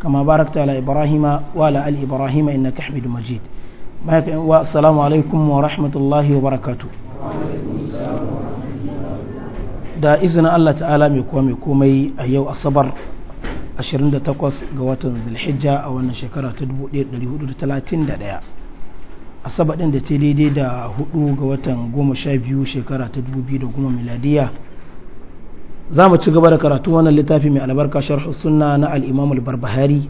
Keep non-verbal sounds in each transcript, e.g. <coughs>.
kamar كما باركت على إبراهيم وعلى آل إبراهيم إنك حميد مجيد والسلام عليكم ورحمة الله وبركاته da izina Allah ta'ala mai kuwa komai a yau asabar 28 ga watan zulhijja a wannan shekara ta 1431 asabar ɗin da ta daidai da 4 ga watan 12 shekara ta 2010 miladiya za mu ci gaba da karatu wannan littafi mai albarka sharhu sunna na al-imam barbahari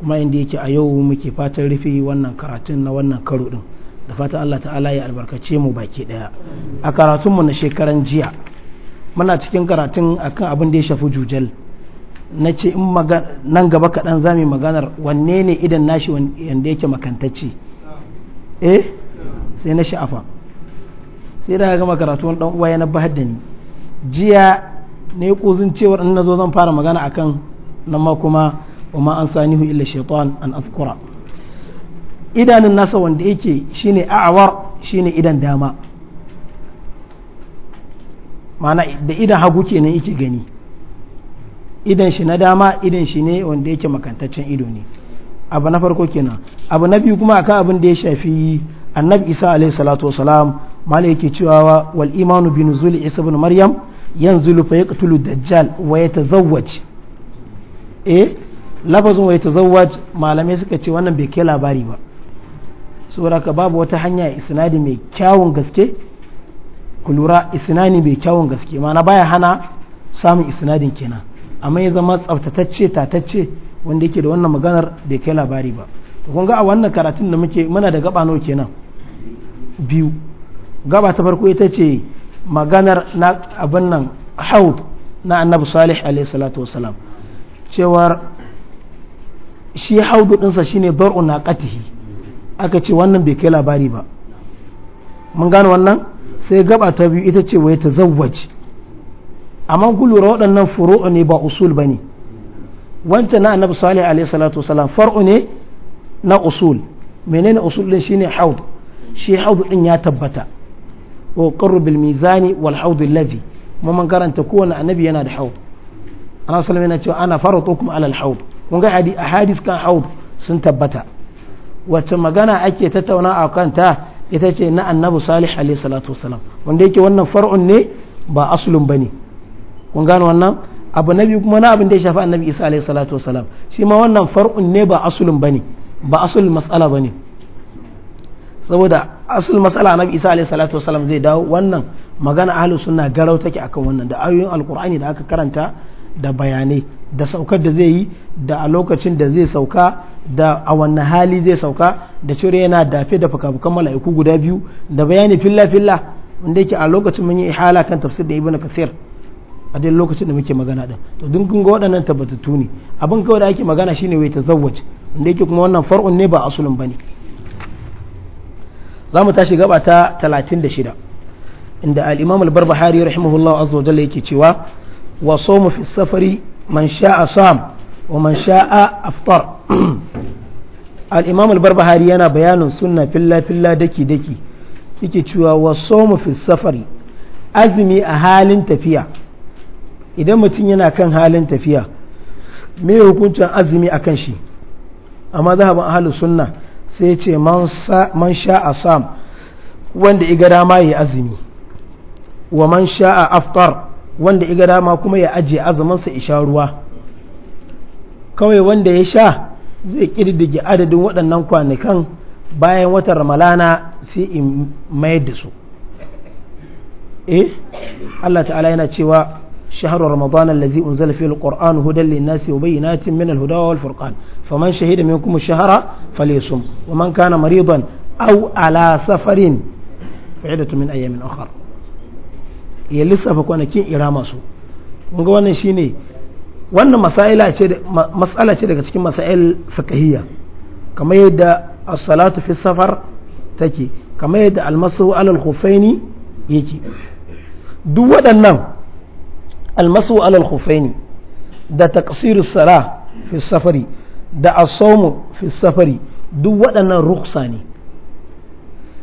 kuma inda yake a yau muke fatan rufe wannan karatun na wannan karo din da fatan Allah ta'ala ya albarkace mu baki daya a karatun mu na shekaran jiya muna cikin karatun akan abin da ya shafi jujal na ce in nan gaba kaɗan za mu maganar wanne ne idan nashi wanda yake makantacce eh sai na sha'afa sai da ga makaratu wani dan uwa ya na ba da ni jiya ne kuzin cewar in nazo zan fara magana akan nan ma kuma wa ma an sanihu illa shaytan an afkura idanun nasa wanda yake shine a'awar shine idan dama mana da idan hagu kenan yake gani idan shi na dama idan shi ne wanda yake makantaccen ido ne abu na farko kenan abu na biyu kuma akan abin da ya shafi annabi isa alaihi salatu wasalam mala yake cewa wal imanu bi nuzuli isa ibn maryam yanzu fa yaqtulu dajjal wa yatazawwaj eh lafazin wa yatazawwaj malamai suka ce wannan bai kai labari ba saboda ka babu wata hanya isnadi mai kyawun gaske kulura isnani mai kyawun gaske mana baya hana samun isnadin kenan amma ya zama tsaftatacce tatacce wanda yake da wannan maganar bai kai labari ba to kun ga a wannan karatun da muke muna da gaba nawa kenan biyu gaba ta farko ita ce maganar na abin nan haud na annabi salih alaihi salatu wasalam cewar shi haudu ɗinsa shine dar'u na ƙatihi aka ce wannan bai kai labari ba mun gane wannan sai gaba ta biyu ita ce wai ta zawwaj amma gulura waɗannan furu'u ne ba usul ba ne wancan na annabi salih alaihi salatu wasalam far'u ne na usul menene usul din shine haud shi haud din ya tabbata wa qarru bil mizani wal hawd alladhi mu man karanta kowanne annabi yana da hawd ana sallama yana cewa ana faratukum alal hawd kun ga hadis kan hawd sun tabbata wacce magana ake tattauna a kanta ita ce na annabi salih alaihi salatu wasalam wanda yake wannan far'un ne ba asulun bane kun gano wannan abu nabi kuma na abin da ya shafi annabi isa alaihi salatu wasalam shi ma wannan far'un ne ba asulun bane ba asulun bane saboda asul matsala annabi isa alaihi salatu wasallam zai dawo wannan magana ahlus sunna garau take akan wannan da ayoyin alqur'ani da aka karanta da bayanai da saukar da zai yi da a lokacin da zai sauka da a wannan hali zai sauka da cire yana dafe da fuka-fukan mala'iku guda biyu da bayani filla-filla wanda yake a lokacin mun yi ihala kan tafsir da ibn kasir a dai lokacin da muke magana din to dun kun ga waɗannan tabbatattu ne abin kawai da ake magana shine wai tazawwaj wanda yake kuma wannan far'un ne ba asulun bane za mu tashi gaba ta 36 inda al-imam al-barbahari rahimahullah azza wa jalla yake cewa wa sawmu fi safari man sha'a sam wa man sha'a aftar <clears throat> al al-barbahari yana bayanin sunna filla filla daki daki yake cewa wa sawmu fi safari azumi a halin tafiya idan mutum yana kan halin tafiya me hukuncin azumi a kan shi amma zahaban ahlus sunna sai ce man sha'a sam wanda iga dama ya azumi wa man sha'a aftar wanda iga dama kuma ya ajiye azuminsa isha ruwa kawai wanda ya sha zai kirdige adadin waɗannan kwanakan bayan watan ramalana sai in mayar da su eh Allah ta'ala yana cewa شهر رمضان الذي أنزل فيه القرآن هدى للناس وبينات من الهدى والفرقان فمن شهد منكم الشهر فليصم ومن كان مريضا أو على سفر فعدة من أيام أخر ya lissafa kwanakin irama su ga wannan shine wannan matsala daga cikin masail fakahiyya kamar yadda as-salatu fi safar take kamar yadda almasu alal khuffaini yake duk waɗannan almasu alal khufaini da taqsir Sara fi safari da asomo fi safari duk waɗannan ruksa ne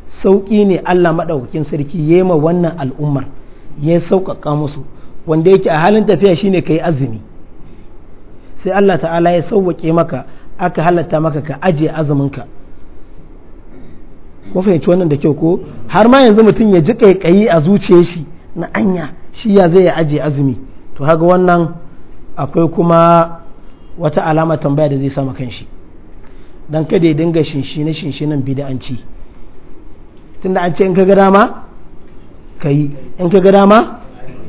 sauƙi ne Allah maɗaukakin sarki ma wannan al'ummar ya sauƙaƙa musu wanda yake a halin tafiya shine kai azumi sai Allah ta'ala ya sauwaƙe maka aka halatta maka ka ajiye azuminka ko fahimci wannan da kyau ko har ma yanzu mutum ya ji kaikayi a zuciyar shi na anya shi ya zai aje azumi to haka wannan akwai kuma wata alama tambaya da zai sama kanshi dan kada ya dinga shinshine shinshinan bid'anci tunda an ce in ka ga dama ka yi in ka ga dama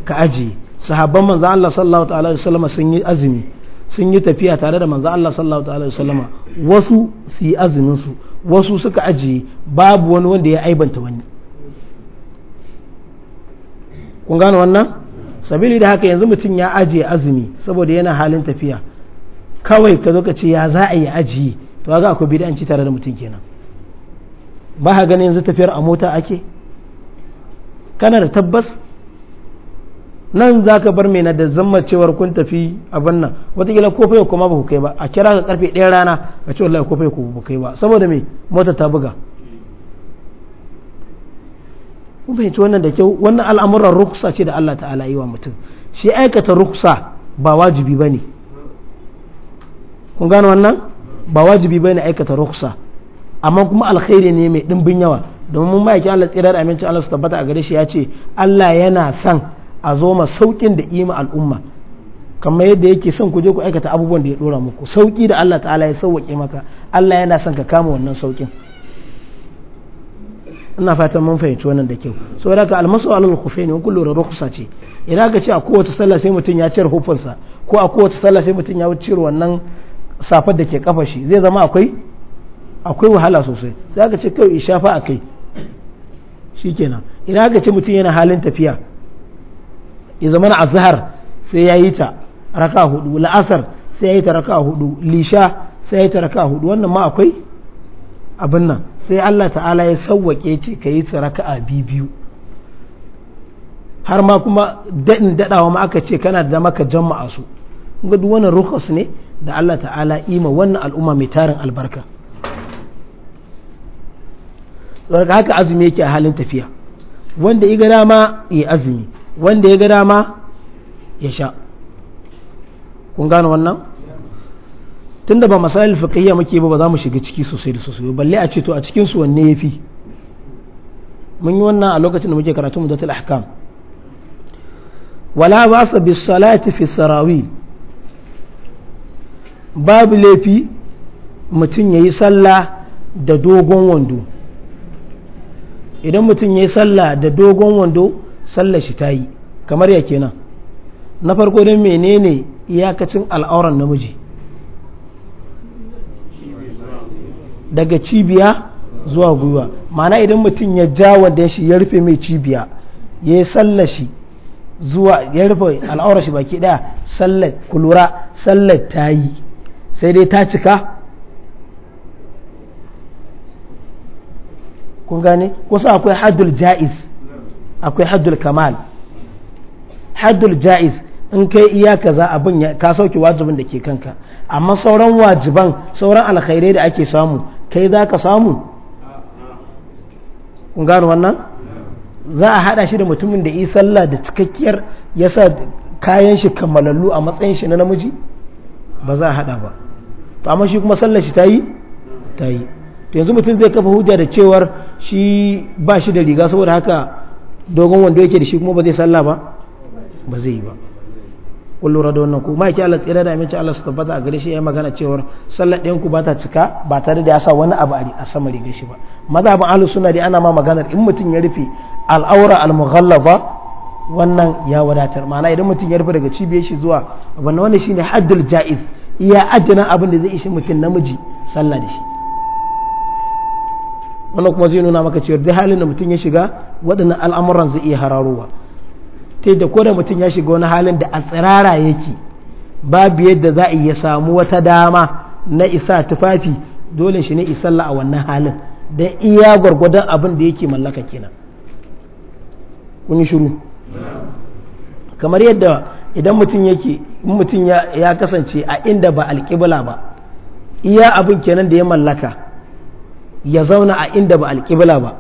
ka aje sahabban manzo Allah sallallahu ta'ala alaihi wasallam sun yi azumi sun yi tafiya tare da manzo Allah sallallahu ta'ala alaihi wasallam wasu su yi azumin su wasu suka aje babu wani wanda ya aibanta wani kun gane wannan sabili da haka yanzu mutum ya ajiye azumi saboda yana halin tafiya kawai ka zo ka ce ya za a yi ajiye to ga akwai bid'anci tare da mutum kenan ba ka ganin yanzu tafiyar a mota ake kana da tabbas nan za ka bar mai na da zama cewar kun tafi abin nan watakila ko fai kuma ba ku kai ba a kira ka karfe ɗaya rana a ce wallahi ko fai ku ba kai ba saboda mai mota ta buga kun fahimci wannan da kyau wannan al'amuran ruksa ce da Allah ta'ala yi wa mutum shi aikata rukhsa ba wajibi ba ne kun gano wannan ba wajibi ba ne aikata ruksa amma kuma alkhairi ne mai dimbin yawa domin ma'aikin Allah tsirar amincin Allah su tabbata a gare shi ya ce Allah yana son a zo ma saukin da ima al'umma kamar yadda yake son ku je ku aikata abubuwan da ya dora muku sauki da Allah ta'ala ya sauwake maka Allah yana son ka kama wannan saukin ina fatan mun fahimci wannan da kyau saboda ka almasu alal khufaini in kullu rukhsa ce idan ka ce a kowace sallah sai mutum ya cire hufunsa ko a kowace sallah sai mutum ya cire wannan safar da ke kafa shi zai zama akwai akwai wahala sosai sai aka ce kawai ishafa a kai shikenan idan aka ce mutum yana halin tafiya ya zama na azhar sai ya yi ta raka hudu la'asar sai ya yi ta raka hudu lisha sai ya yi ta raka hudu wannan ma akwai abin nan sai Allah ta'ala ya sauwake ce ka yi tsaraka a biyu har ma kuma daɗin daɗawa ma aka ce kana da maka jama'a su duk wannan ne da Allah ta'ala ima wannan al'umma mai tarin albarka daga haka azumi yake a halin tafiya wanda ya ga dama ya azumi wanda ya ga dama ya sha kun gane wannan tunda ba masalil fiqhiyya muke ba ba za mu shiga ciki sosai da sosai balle a ce to a cikin su wanne yafi mun yi wannan a lokacin da muke karatu mudatul ahkam wala ba'sa bis salati fi sarawi babu laifi mutum yayi sallah da dogon wando idan mutum yayi sallah da dogon wando sallar shi tayi kamar ya kenan na farko dan menene iyakacin al'auran namiji daga cibiya zuwa gwiwa ma'ana idan mutum ya ja wanda shi ya rufe mai cibiya ya yi sallar shi zuwa ya rufe al'aura shi baki daya sallar kulura sallar ta yi sai dai ta cika kun gane kusa akwai haddul ja'iz akwai haddul kamal haddul ja'iz in kai iya kaza abin ka sauke wajibin da ke kanka amma sauran wajiban sauran alkhairai da ake samu kai za ka samu kun gano wannan za a hada shi da mutumin da yi sallah da cikakkiyar ya sa kayan shi kammalallu a matsayin shi na namiji ba za a hada ba to amma shi kuma sallar shi ta yi ta yi to yanzu mutum zai kafa hujja da cewar shi ba shi da riga saboda haka dogon wanda yake da shi kuma ba zai sallah ba ba zai yi ba kun lura da wannan ku ma yake Allah tsira da ce Allah su tabbata a gare shi ya magana cewar sallar ɗin ku ba ta cika ba tare da ya sa wani abu a sama riga shi ba mazhabin ahlus sunna dai ana ma magana in mutum ya rufe al'aura al mughallafa wannan ya wadatar ma'ana idan mutum ya rufe daga cibiyar shi zuwa wannan wannan shine haddul ja'iz iya ajina abin da zai ishi mutum namiji sallah da shi wannan kuma zai nuna maka cewa duk halin da mutum ya shiga waɗannan al'amuran zai iya hararowa ta da ko da mutum ya shiga wani halin da a tsirara yake babu yadda za a iya samu wata dama na isa tufafi dole shi ne isalla a wannan halin don iya gwargwadon abin da yake mallaka kenan kun yi shiru kamar yadda idan mutum yake mutum ya kasance a inda ba alƙibla ba iya abin kenan da ya mallaka ya zauna a inda ba alƙibla ba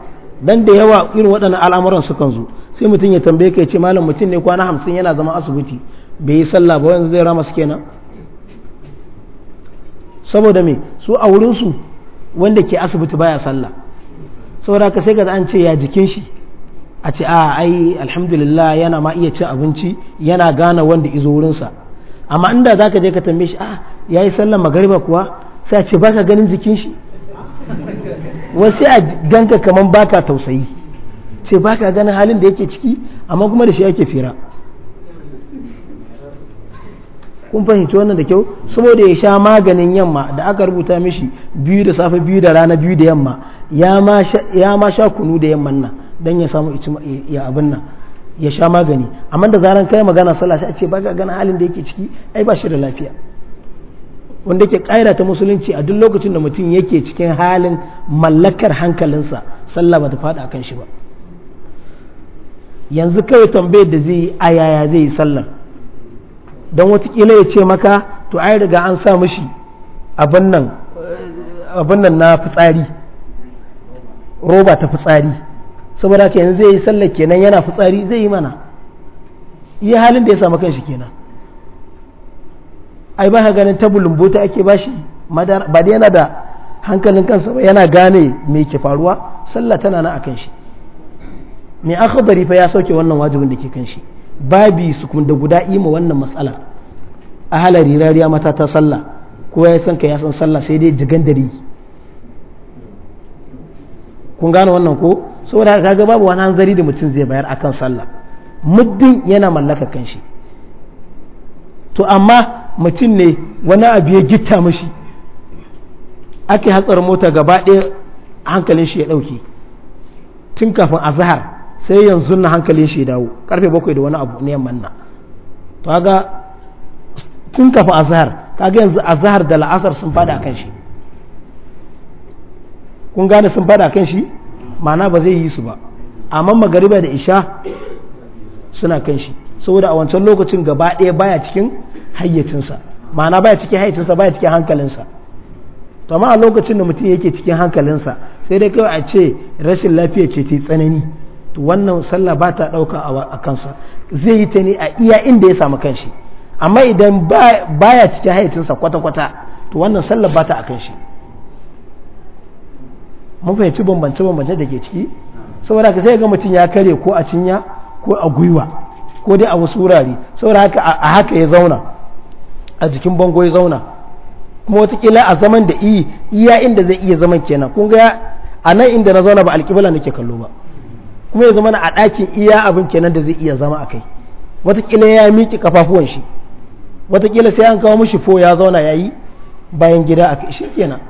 dan da yawa irin waɗannan al'amuran sukan zo sai mutum ya tambaye ka ya ce malam mutum ne kwana hamsin yana zama asibiti bai yi sallah ba yanzu zai rama su kenan saboda me su a wurinsu wanda ke asibiti baya sallah saboda ka sai ka an ce ya jikin shi a ce a ah, ai alhamdulillah yana ma iya cin abinci yana gane wanda izo wurinsa amma inda za ka je ka tambaye shi a ah, ya yi sallah magariba kuwa sai a ce ba ganin jikin shi wasu a ganka kamar baka tausayi ce baka ganin halin da yake ciki amma kuma da shi ake fira kun fahimci wannan da kyau saboda ya sha maganin yamma da aka rubuta mishi biyu da safe biyu da rana biyu da yamma ya ma sha kunu da yamman nan don ya samu ya abin nan ya sha magani amma da zaran kai magana sallah sai a ce baka ganin halin da yake ciki ai ba shi da lafiya wanda ke ƙaira ta musulunci a duk lokacin da mutum yake cikin halin mallakar hankalinsa sallah ba ta a akan shi ba yanzu kawai tambayar da zai yi a yaya zai yi sallar don watakila ya ce maka to ai daga an sa mashi abin nan na fitsari roba ta fitsari saboda haka yanzu zai yi sallar kenan yana fitsari zai yi mana iya halin da ya samu kan shi kenan ai ba ka ganin ta ta ake bashi shi ba da yana da hankalin kansa ba yana gane me ke faruwa sallah tana nan akan shi mai akhbari fa ya sauke wannan wajibin da ke kan shi babi su kun da guda ima wannan matsalar a halari rariya mata ta sallah kowa ya san ka ya san sallah sai dai jigan dare kun gane wannan ko saboda kaga babu wani hanzari da mutum zai bayar akan sallah muddin yana mallaka kanshi to amma mutum ne wani abu ya gitta mashi ake hatsar mota gaba ɗaya hankalin shi ya ɗauke tun kafin a zahar sai yanzu na hankalin shi ya dawo karfe bakwai da wani abu ne yamman nan to ga tun kafin a zahar kaga yanzu a zahar da la'asar sun fada kan shi kun gane sun fada kan shi ma'ana ba zai yi su ba amma magariba da isha suna kan shi saboda a wancan lokacin gaba ɗaya baya cikin hayyacinsa ma'ana baya cikin hayyacinsa baya cikin hankalinsa to amma a lokacin da mutum yake cikin hankalinsa sai dai kawai a ce rashin lafiya ce ta tsanani to wannan sallah ba ta ɗauka a kansa zai yi ta ne a iya inda ya samu kanshi amma idan baya cikin hayyacinsa kwata-kwata to wannan sallah ba ta a kanshi mun fahimci bambance-bambance da ke ciki saboda ka sai ga mutum ya kare ko a cinya ko a gwiwa ko dai a wasu wurare saboda haka a haka ya zauna a jikin bango ya zauna kuma watakila a zaman da iyi iya inda zai iya zaman kenan kun ga a nan inda na zauna ba alƙibla nake kallo ba kuma ya zama a ɗakin iya abin kenan da zai iya zama a kai watakila ya miƙe kafafuwan shi watakila sai an kawo mishi fo ya zauna ya yi bayan gida a kai shi kenan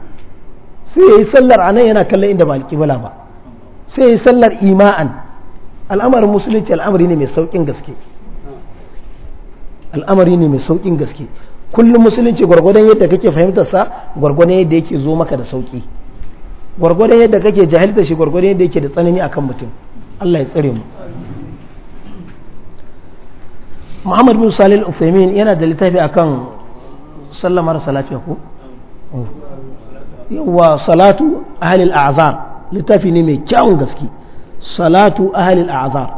sai ya yi sallar a nan yana kallon inda ba alkibala ba sai ya yi sallar ima'an al'amarin musulunci al'amari ne mai saukin gaske al'amari ne mai saukin gaske kullum musulunci gwargwadon yadda kake fahimtar sa gwargwadon yadda yake zo maka da sauki gwargwadon yadda kake jahilta shi gwargwadon yadda yake da tsanani akan mutum Allah ya tsare mu Muhammad bin Salih al uthaymeen yana da littafi akan sallamar salafiya ko yawa salatu al a'zar littafi ne mai kyawun gaske salatu ahalil a'azar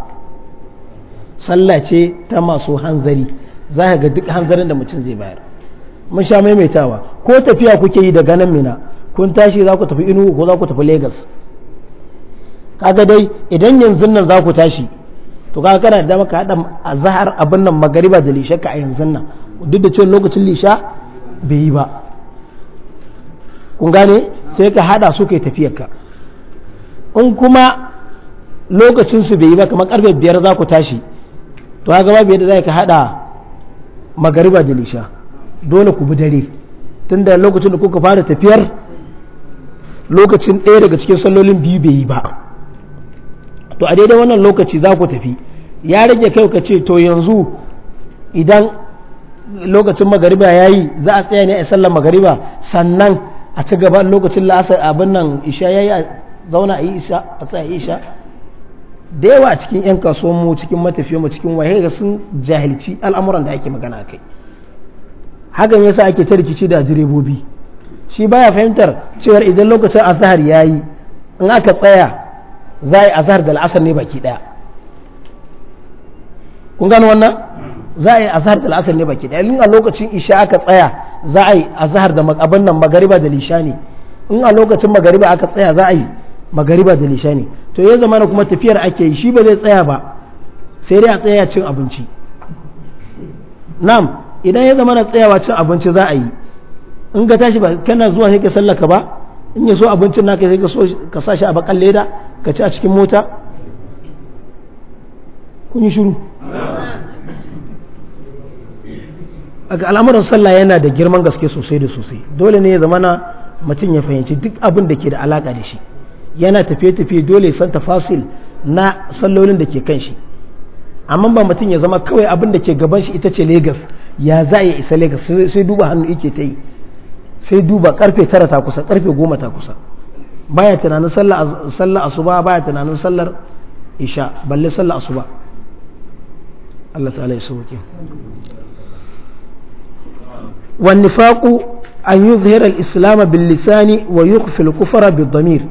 sallah ce ta masu hanzari za ka ga duk hanzarin da mutum zai bayar mun sha maimaitawa ko tafiya kuke yi daga nan mina kun tashi za ku tafi inu ko za ku tafi lagos kaga dai idan yanzu nan za ku tashi to kaga kana da maka hada azhar abin nan magariba da lisha ka a yanzu nan duk da cewa lokacin lisha bai yi ba kun gane sai ka haɗa su kai tafiyarka in kuma lokacin su bai yi ba kamar karfe biyar za ku tashi to ga babu yadda za ka hada magariba da lisha dole ku bi dare tunda lokacin da kuka fara tafiyar lokacin ɗaya daga cikin sallolin biyu bai yi ba to a daidai wannan lokaci za ku tafi ya rage kai ka ce to yanzu idan lokacin magariba ya yi za a tsaya ne a sallar magariba sannan a ci gaba lokacin la'asar abin nan isha ya yi a zauna a yi isha a tsaya isha da yawa cikin 'yan kasuwan mu cikin matafiya mu cikin waye ga sun jahilci al'amuran da ake magana kai hakan yasa ake ta rikici da direbobi shi baya fahimtar cewar idan lokacin azhar yayi in aka tsaya za a yi azhar da al'asar ne baki daya kun gano wannan za a yi azhar da al'asar ne baki daya in a lokacin isha aka tsaya za a yi azhar da abin nan magariba da lishani in a lokacin magariba aka tsaya za a yi magariba da lishani to ya zama kuma tafiyar ake yi shi ba zai tsaya ba sai dai a tsaya cin abinci nam idan ya zama na tsayawa cin abinci za a yi in ka tashi ba kana zuwa sai ka sallaka ba in ya so abincin naka sai ka so ka sa shi a bakan leda ka ci a cikin mota kun yi shiru al'amuran sallah yana da girman gaske sosai da sosai dole ne ya zama na mutum ya fahimci duk abin da ke da alaka da shi yana tafiye-tafiye dole san tafasil na sallolin da ke kan shi amma ba mutum ya zama kawai abin da ke gaban shi ita ce lagos ya za ya isa lagos sai duba hannu yake ta yi sai duba karfe tara ta kusa karfe goma ta kusa baya tunanin sallar asuba baya tunanin sallar isha balle sallar asuba Allah ta'ala ya sauke والنفاق أن يظهر الإسلام باللسان ويخفي bin بالضمير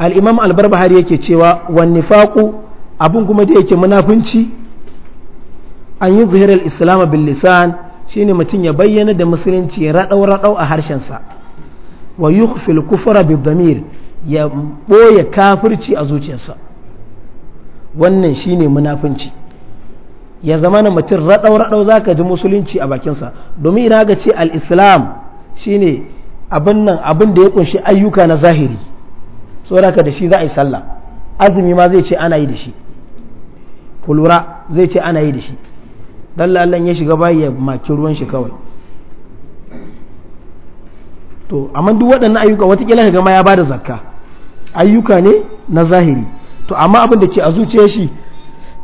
al'imam imam yake cewa wani faƙo abin kuma da yake munafunci an yi zuhirar islam bin lisan shine mutum ya bayyana da musulunci ya raɗauraɗau a harshensa wa yi fil kufra bil damir ya boye kafirci a zuciyarsa wannan shine munafunci ya zama na mutum raɗau za ka ji musulunci a bakinsa domin ina ga ce al-islam ne abin abin da ya ƙunshi ayyuka na zahiri saboda da shi za a yi sallah azumi ma zai ce ana yi da shi kulura zai ce ana yi da shi dan lallan ya shiga bayi ya maki ruwan shi kawai to amma duk waɗannan ayyuka watakila ka gama ya bada zakka ayyuka ne na zahiri to amma abin da ke a zuciyar shi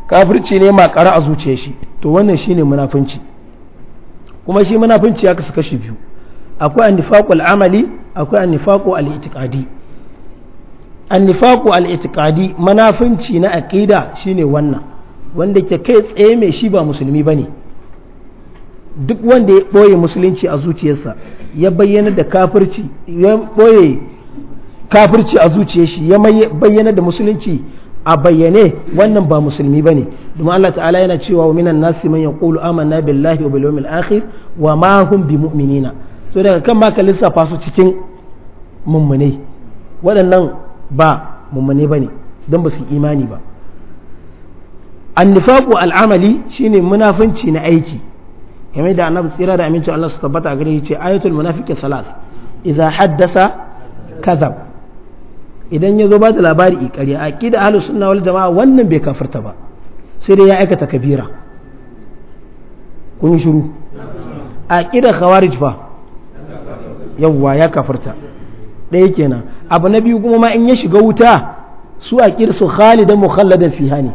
kafirci ne makara a zuciyar shi to wannan shine munafunci kuma shi munafunci ya kasu kashi biyu akwai annifaqul amali akwai annifaqu al-i'tiqadi annifaku al-itiqadi manafinci na aqida shine wannan wanda ke kai tsaye mai shi ba musulmi bane duk wanda ya ɓoye musulunci a zuciyarsa ya bayyana da kafirci ya ɓoye kafirci a zuciyar shi ya bayyana da musulunci a bayyane wannan ba musulmi bane domin Allah ta'ala yana cewa wa minan nasi man yaqulu amanna billahi wa bil yawmil akhir wa ma hum mu'minina so daga kan ma ka lissafa su cikin mummunai waɗannan ba mummune ba ne don ba su imani ba annifaku al'amali shine munafunci na aiki kamar da annabi tsira da amincin Allah su tabbata gare shi ce ayatul munafiki salas idza haddasa kadhab idan ya zo ba da labari ikari a aqida ahlus sunna wal jamaa wannan bai kafirta ba sai dai ya aikata kabira kun shiru aqida khawarij ba yawwa ya kafirta ɗaya kenan abu na biyu kuma ma in ya shiga wuta su a kirsu khalidan mukhalladan fiha ne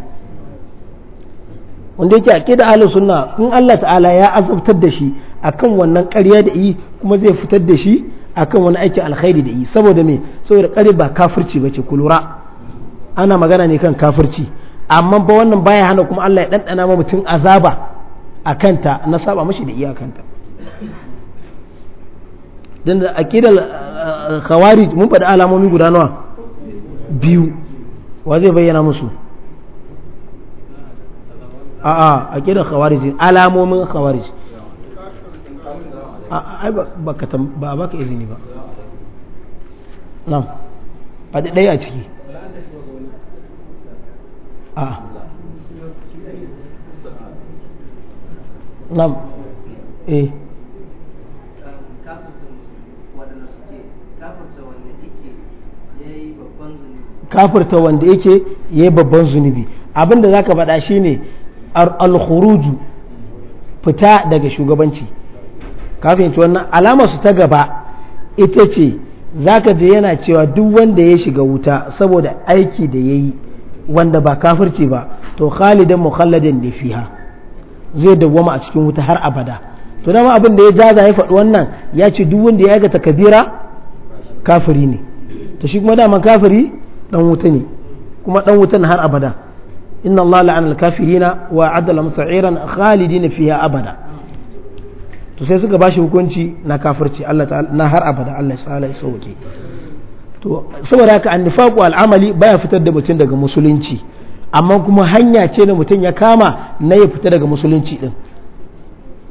wanda yake aqida ahlus sunna in Allah ta'ala ya azabtar da shi akan wannan ƙarya da yi kuma zai fitar da shi akan wani aikin alkhairi da yi saboda me saboda ƙarya ba kafirci bace ku lura ana magana ne kan kafirci amma ba wannan baya hana kuma Allah ya ɗanɗana ma mutum azaba akanta na saba mashi da iyakanta don da akidal eh, eh, khawarij mun faɗi alamomi guda nawa biyu wa zai bayyana musu a a'a akidal khawarij alamomin khawarij ai ba ka ba baka izini ba nan faɗi ɗaya a ciki a nan eh kafirta wanda yake ya yi babban zunubi abin da ka faɗa shi ne alkhuruju fita daga shugabanci kafin wannan alama su ta gaba ita ce za ka je yana cewa duk wanda ya shiga wuta saboda aiki da ya yi wanda ba kafirci ba to khalidan mukhalladin ne fiha zai dawwama a cikin wuta har abada to dama abin da ya jaza ya faɗi wannan ya ce duk wanda ya aikata kabira kafiri ne to shi kuma daman kafiri dan wuta ne kuma dan wutan har abada inna Allah la'ana al-kafirina wa adda musa'iran khalidina fiha abada to sai suka bashi hukunci na kafirci Allah ta'ala na har abada Allah ta'ala ya sauke to saboda haka annifaqu al'amali baya fitar da mutum daga musulunci amma kuma hanya ce da mutum ya kama na ya fita daga musulunci din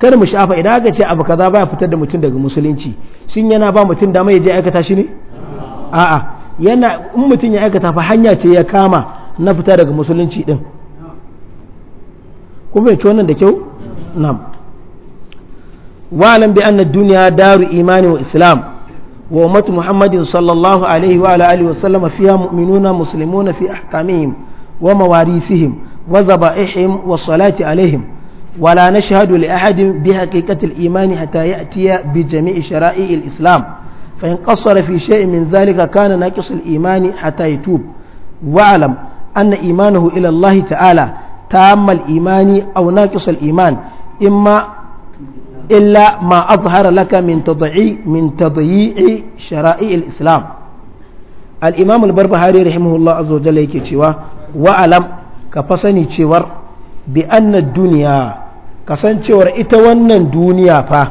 kada mu shafa idan aka ce abu kaza baya fitar da mutum daga musulunci shin yana ba mutum dama ya je aikata shi ne a'a yana in mutum ya aikata fa hanya ce ya kama na fita daga musulunci din kun fahimci wannan da kyau na'am wa'lam bi anna duniya daru imani wa islam wa ummatu muhammadin sallallahu alaihi wa ala alihi wa sallama fiha mu'minuna muslimuna fi ahkamihim wa mawarisihim wa zaba'ihim wa salati alaihim ولا نشهد لأحد بحقيقة الإيمان حتى يأتي بجميع شرائع الإسلام فإن قصر في شيء من ذلك كان ناقص الإيمان حتى يتوب واعلم أن إيمانه إلى الله تعالى تام الإيمان أو ناقص الإيمان إما إلا ما أظهر لك من تضييع من تضييع شرائع الإسلام الإمام البربهاري رحمه الله عز وجل يكتشوا وألم كفسني تشور بأن الدنيا كسن تشور إتوانا الدنيا فا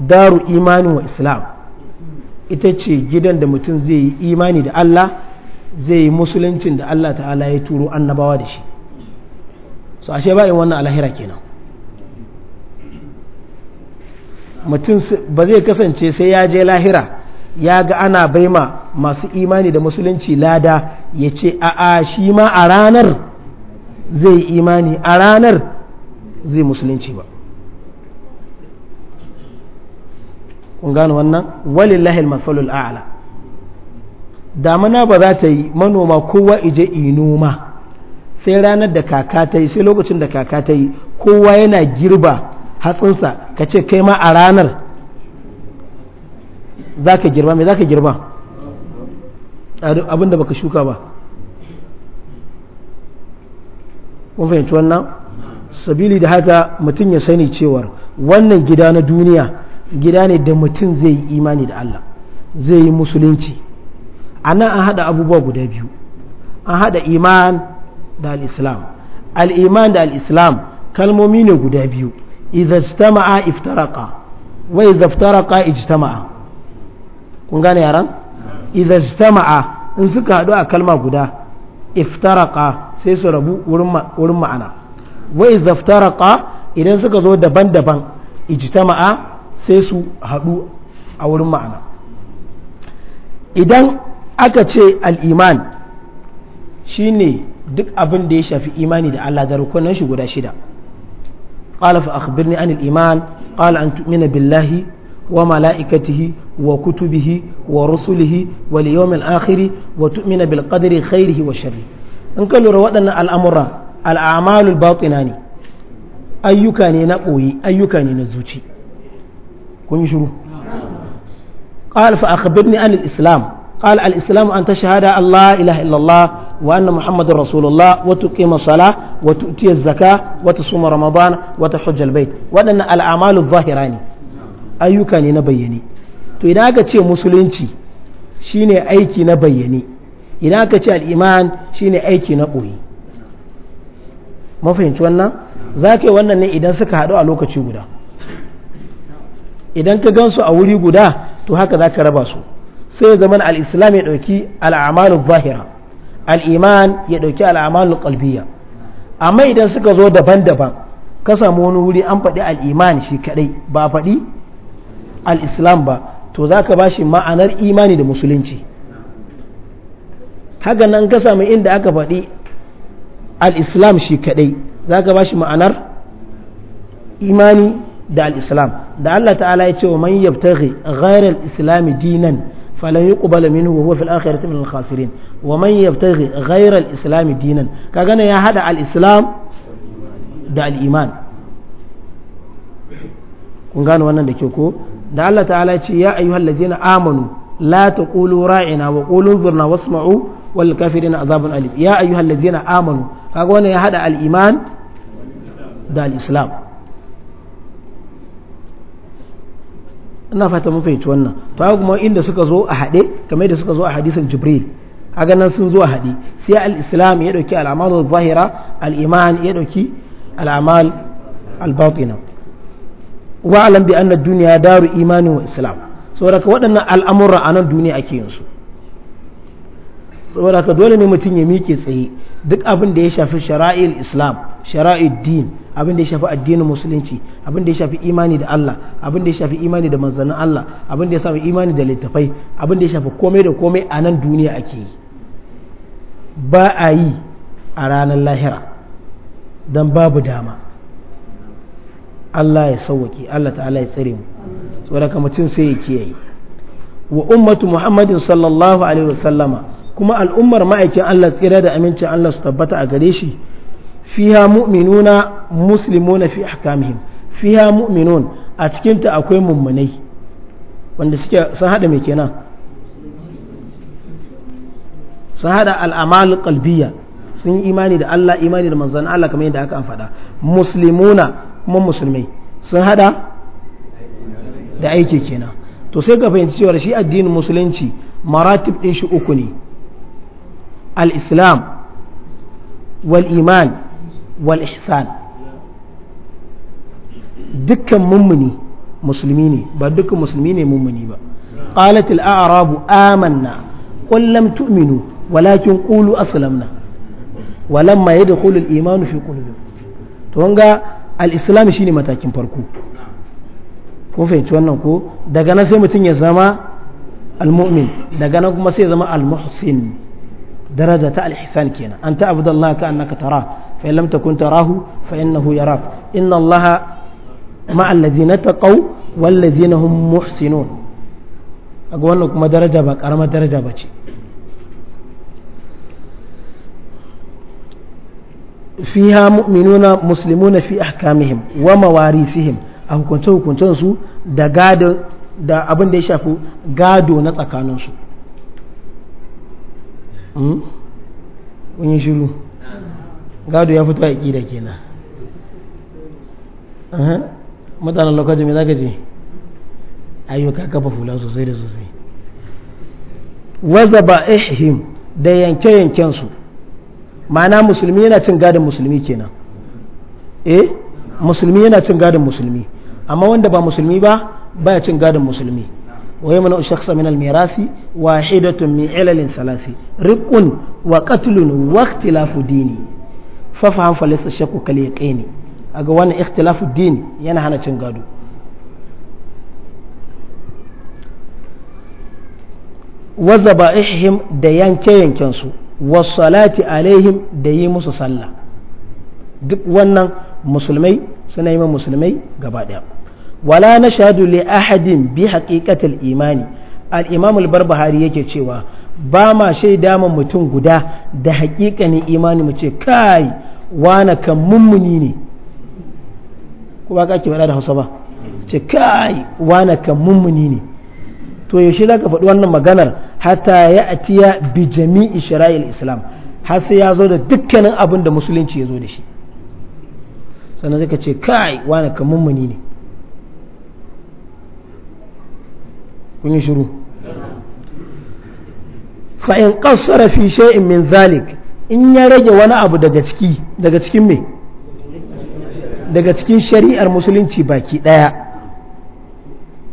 دار إيمان وإسلام ita ce gidan da mutum zai yi imani da Allah zai yi musuluncin da Allah ta'ala ya turo annabawa da shi so ashe ba wannan alahira kenan mutum ba zai kasance sai ya je lahira ya ga ana baima masu imani da musulunci lada ya ce a'a shi ma a ranar zai imani a ranar zai musulunci ba kun gano wannan walillahi al-masalul a'la damana ba za ta yi manoma kowa ije inoma sai ranar da kaka ta yi sai lokacin da kaka ta yi kowa yana girba hatsinsa ka ce kai ma a ranar za ka girba mai za ka girba abinda baka shuka ba kun fahimci wannan sabili da haka mutum ya sani cewar wannan gida na duniya gida ne da mutum zai yi imani da Allah zai yi musulunci a nan an haɗa abubuwa guda biyu an haɗa iman da al'islam al'iman da al'islam kalmomi ne guda biyu idastama'a iftaraka wa idaftaraka ijtama'a kun gane yaran idastama'a in suka haɗu a kalma guda iftaraka sai su rabu wurin ma'ana wa idaftaraka idan suka zo daban-daban ijtama'a sai su haɗu a wurin ma'ana idan aka ce al'iman shi ne duk abin da ya shafi imani da Allah da rukunan shi guda shida ƙala fa akhbirni an al'iman ƙala an tu'mina billahi wa mala'ikatihi wa kutubihi wa rusulihi wa liyomin akhiri wa tu'mina bil qadri khairihi wa sharri in ka lura waɗannan al'amura al'amalul batina ne ayyuka ne na ɓoyi ayyuka ne na zuci kun yi shiru قال فأخبرني عن الإسلام قال الإسلام أن تشهد أن لا إله إلا الله وأن محمد رسول الله وتقيم الصلاة وتؤتي الزكاة وتصوم رمضان وتحج البيت وأن الأعمال الظاهران أيك نبيني to idan aka ce musulunci shine aiki na bayyane idan aka ce al'iman shine aiki na ɓoye mafahimci wannan za ka yi wannan ne idan suka haɗu a lokaci guda idan ka gan su a wuri guda to haka za ka raba su sai zaman al’islam ya ɗauki al'amalu zahira al’iman ya ɗauki al'amalu kalbiya amma idan suka zo daban-daban ka samu wani wuri an faɗi al’iman shi kadai ba a faɗi al’islam ba to za ka ba shi ma'anar imani da musulunci haka nan ka samu inda aka faɗi al shi kadai za ka ba shi ma'anar imani da al-islam da Allah ta'ala ya ce wa man yabtaghi ghayra al dinan falan yuqbal minhu wa huwa fil akhirati min al-khasirin wa man yabtaghi ghayra al dinan ka ne ya hada al-islam da al-iman kun gane wannan da ke ko da Allah ta'ala ya ce ya ayyuhal ladina amanu la taqulu ra'ina wa qulu zurna wasma'u wal kafirina azabun alim ya ayyuhal ladina amanu kaga wannan ya hada al-iman da al-islam ina fata mun fahimci wannan to haka kuma inda suka zo a haɗe kamar da suka zo a hadisin jibril haka nan sun zo a haɗe sai al-islam ya ɗauki al zahira al-iman ya ɗauki al al-batina wa bi anna ad-dunya daru imanin wa islam saboda waɗannan al'amuran a nan duniya ake yin su saboda ka dole ne mutum ya miƙe tsaye duk abin da ya shafi shara'il islam shara'il din abin da ya shafi addinin musulunci abin da ya shafi imani da Allah abin da ya shafi imani da manzannin Allah abin da ya shafi imani da littafai abin da ya shafi komai da komai a nan duniya ake yi ba a yi a ranar lahira don babu dama Allah ya sauwake Allah ta'ala ya tsare mu saboda ka mutum sai ya kiyaye wa ummatu muhammadin sallallahu alaihi wasallama kuma al'ummar ma'aikin Allah tsira da amincin Allah su tabbata a gare shi fiha mu'minuna muslimuna fi ahkamihim fiha mu'minun a cikinta akwai mummunai wanda suke sun hada mai kenan sun hada al'amal kalbiya sun yi imani da Allah imani da manzan Allah kamar yadda aka an faɗa muslimuna kuma musulmai sun hada da aiki kenan to sai ka fahimci cewa shi addinin musulunci maratib ɗin shi uku ne al-islam wal iman wal ihsan dukkan mummuni musulmi ne ba duka musulmi ne mummuni ba qalat al-a'rabu amanna qul lam tu'minu walakin qulu aslamna walamma yadkhulu al-iman fi qulubikum to wanga al-islam shine matakin farko kun fahimci wannan ko daga nan sai mutum ya zama al-mu'min daga nan kuma sai ya zama al daraja ta al-ihsan kenan an ta'budu Allah ka annaka tara fa in lam takun tarahu fa innahu yarak inna Allah ma'a allazina taqaw wal ladzina hum muhsinun aga kuma daraja ba daraja bace فيها مؤمنون مسلمون في أحكامهم ومواريثهم أو كنتو كنتو دا gado da abin da ya shafi gado na tsakaninsu Hmm? kun yi shiru gado ya fito a da kenan mutanen lokacin mai zaka ce ayyuka kafa fula sosai da sosai waza ba ihim da yanke-yankensu ma'ana musulmi yana cin gadon musulmi kenan eh musulmi yana cin gadon musulmi amma wanda ba musulmi ba baya cin gadon musulmi ويمنع الشخص من الميراث واحدة من علل ثلاث رق وقتل واختلاف ديني ففهم فليس الشك كاليقين aga wannan ikhtilafu din yana hana cin gado wadda ba'ihim da yanke-yankensu wasalati alaihim da yi musu sallah duk wannan musulmai suna yi ma musulmai gaba ɗaya wala nashhadu li ahadin bi haqiqatil imani al-imam al yake cewa ba ma shaida ma mutum guda da haƙiƙanin imani mu ce kai wana kan mummuni ne ko ba ka ke da Hausa ba ce kai wana kan mummuni ne to yaushe za ka faɗi wannan maganar hatta ya atiya bi jami'i shara'il islam har ya zo da dukkanin abin da musulunci ya zo da shi sannan zai ka ce kai wana kan mummuni ne kun yi shiru fa in qassara fi shay'in min zalik in ya rage wani abu daga ciki daga cikin me daga cikin shari'ar musulunci baki daya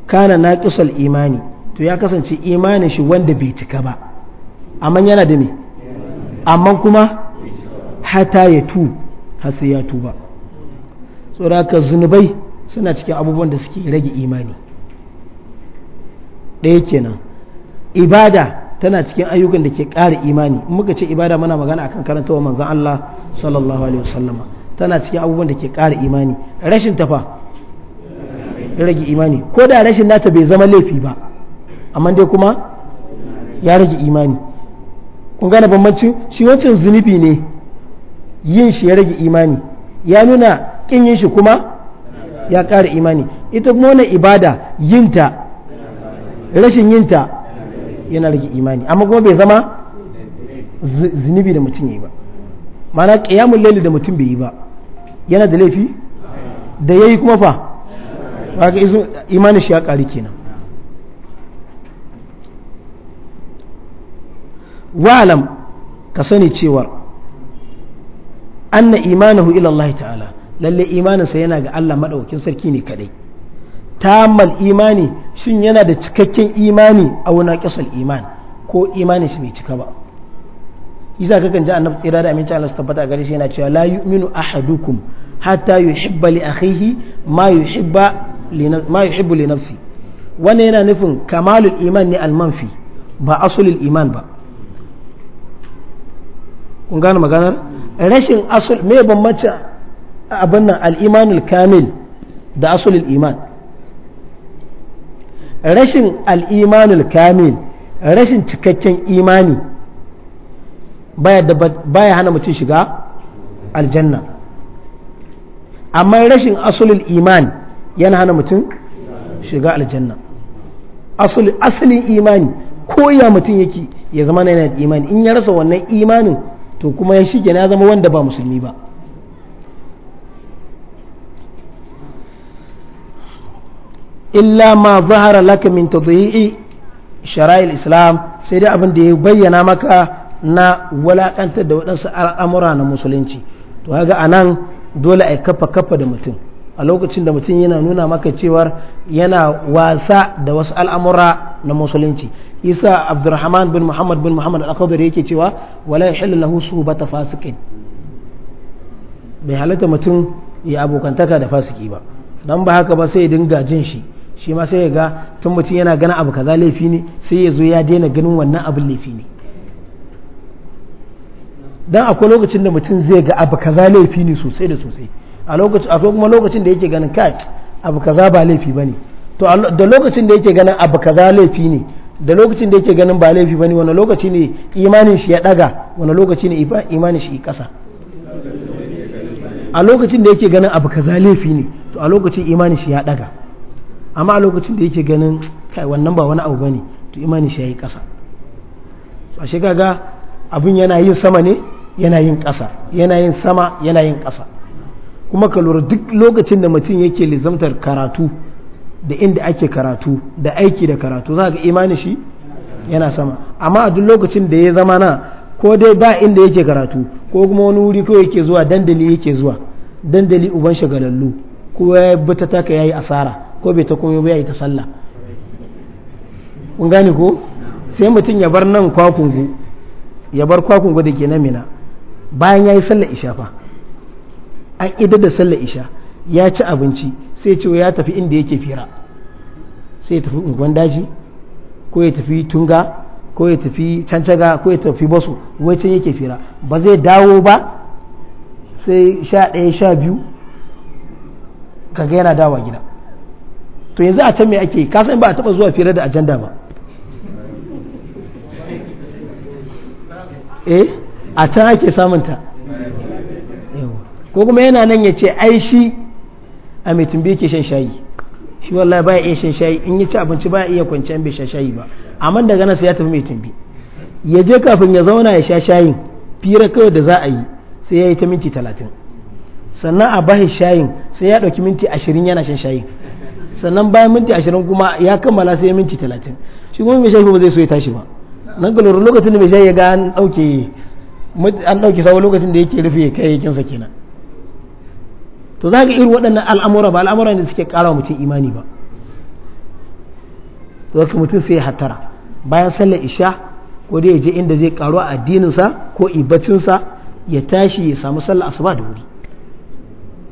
kana naqisal imani to ya kasance imanin shi wanda bai cika ba amma yana da me amma kuma hata ya tu har sai ya tuba saboda haka zunubai suna cikin abubuwan da suke rage imani ɗaya kenan ibada tana cikin ayyukan da ke ƙara imani in muka ce ibada muna magana akan karantawa manzon Allah sallallahu alaihi wasallama tana cikin abubuwan da ke ƙara imani rashin tafa rage imani ko da rashin nata bai zama laifi ba amma dai kuma ya rage imani kun gane bambanci shi wancan zunubi ne yin shi ya rage imani ya nuna kin yin shi kuma ya ƙara imani ita kuma wannan ibada yinta rashin yinta yana rage imani amma kuma bai zama zunubi da mutum yi ba mana kiyamun laili da mutum bai yi ba yana da laifi da ya yi kuma fa kaga imanin shi ya ƙari kenan wa'alam ka sani cewar anna imanahu ila Allah ta'ala lalle imaninsa yana ga Allah maɗaukin sarki ne kadai tamal imani shin yana da cikakken imani a wani kisal iman ko imani shi bai cika ba isa kakan ji annabi tsira da aminci Allah su tabbata a gare shi yana cewa la yu'minu ahadukum hatta yuhibba li akhihi ma yuhibba li ma yuhibbu li nafsi wannan yana nufin kamalul iman ne almanfi ba asulul iman ba kun gane maganar rashin asul me bambancin abin nan al-imanul kamil da asulul iman rashin al'imanul kamil rashin cikakken imani baya hana mutum shiga aljanna amma rashin asulul iman yana hana mutum shiga aljanna asalin imani ko ya mutum yake ya zama na yana imani in ya rasa wannan imanin to kuma ya shige na zama wanda ba musulmi ba illa ma zahara laka min shara'il islam sai dai abin da ya bayyana maka na walakantar da waɗansu al'amura na musulunci to kaga anan dole a kafa kafa da mutum a lokacin da mutum yana nuna maka cewar yana wasa da wasu al'amura na musulunci isa abdurrahman bin muhammad bin muhammad al-qadir yake cewa wala yahillu lahu suhbata fasikin bai halatta mutum ya abokantaka da fasiki ba dan ba haka ba sai dinga jin shi shi ma sai ya ga tun mutum yana ganin abu kaza laifi ne sai ya zo ya daina ganin wannan abin laifi ne dan akwai lokacin da mutum zai ga abu kaza laifi ne sosai da sosai a lokacin akwai kuma lokacin da yake ganin kai abu kaza ba laifi bane to da lokacin da yake ganin abu kaza laifi ne da lokacin da yake ganin ba laifi bane wani lokaci ne imanin shi ya daga wani lokaci ne imanin shi kasa a lokacin da yake ganin abu kaza laifi ne to a lokacin imanin shi ya daga amma a lokacin da yake ganin kai wannan ba wani abu bane to imani shi yayi kasa a shi kaga abin yana yin sama ne yana yin kasa yana yin sama yana yin kasa kuma ka lura duk lokacin da mutum yake lizamtar karatu da inda ake karatu da aiki da karatu za ga imani shi yana sama amma a duk lokacin da ya zama na ko dai ba inda yake karatu ko kuma wani wuri kawai yake zuwa dandali yake zuwa dandali uban shagalallu ko ya bi ta taka yayi asara ko bai ta koyo ba ya yi ta sallah kun gane ko sai mutum ya bar nan kwakungu ya bar kwakungu da ke namina bayan ya yi sallar isha fa an idar da sallar isha ya ci abinci sai ce ya tafi inda yake fira sai ya tafi unguwan daji ko ya tafi tunga ko ya tafi cancaga ko ya tafi basu wai can yake fira ba zai dawo ba sai sha ɗaya sha biyu kaga yana dawa gida to yanzu a can me ake ka san ba a taba zuwa fira da ajanda ba eh a can ake samunta ko kuma yana nan ya ce ai shi a mai tumbi yake shan shayi shi wallahi baya iya shan shayi in ya ci abinci baya iya an bai shan shayi ba amma daga nan sai ya tafi mai tumbi ya je kafin ya zauna ya sha shayin fira kawai da za a yi sai ya yi ta minti talatin sannan a bahi shayin sai ya ɗauki minti ashirin yana shan shayin sannan bayan minti ashirin kuma ya kammala sai minti talatin shi kuma mai shafi ba zai so ya tashi ba nan ga lura lokacin da mai shafi ya ga an ɗauke an lokacin da yake rufe kayayyakinsa kenan to za ka iri waɗannan al'amura ba al'amura ne suke ƙara mutum imani ba to ka mutum sai ya hattara bayan sallar isha ko dai ya je inda zai ƙaru a addininsa ko ibacinsa ya tashi ya samu sallar asuba da wuri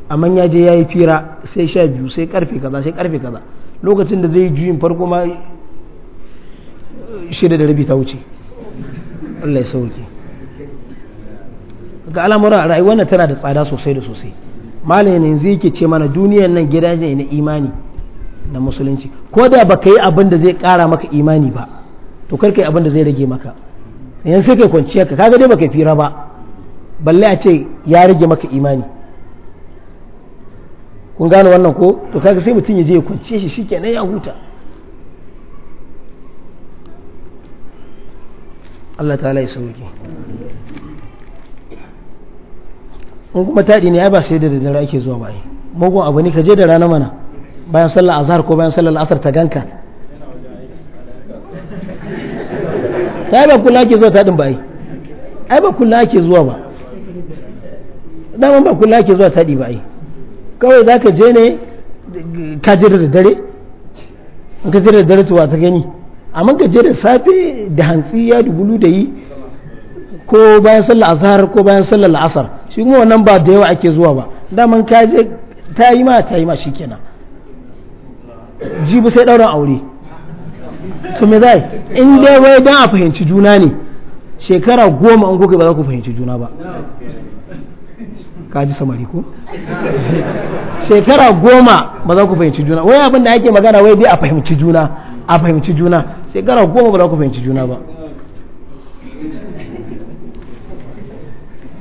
amma ya je ya yi fira sai sha biyu sai karfe kaza sai karfe kaza lokacin da zai juyin farko ma shida da rabi ta wuce Allah ya sauke ga al'amuran rayuwar nan tana da tsada sosai da sosai malamin yanzu yake ce mana duniyar nan gida ne na imani na musulunci ko da baka yi abin da zai kara maka imani ba to karka yi abin da zai rage maka yanzu sai kai kwanciyar ka kaga dai ka fira ba balle a ce ya rage maka imani kun gane wannan ko to kaga sai mutum ya je ya kwance shi shikenan ya huta Allah ta'ala ya sauke in kuma taɗi ne ai ba sai da dare ake zuwa ba mugun abu ne ka je da rana mana bayan sallar azhar ko bayan sallar asar ta ganka ta ba kula ake zuwa taɗin ba ai ai ba kula ake zuwa ba daman ba kula ake zuwa taɗi ba ai kawai za ka je ne ka je da dare in ka je da dare tuwa ta gani amma ka je da safe da hantsi ya dubulu da yi ko bayan sallar azhar ko bayan sallar la'asar shi kuma wannan ba da yawa ake zuwa ba daman ka je ta yi ma ta yi ma kenan jibi sai ɗaurin aure to me zai in dai wai dan a fahimci juna ne shekara goma an goge ba za ku fahimci juna ba kaji samari ko shekara goma ba za ku fahimci juna wai abin da ake magana wai dai a fahimci juna a fahimci juna shekara goma ba za ku fahimci juna ba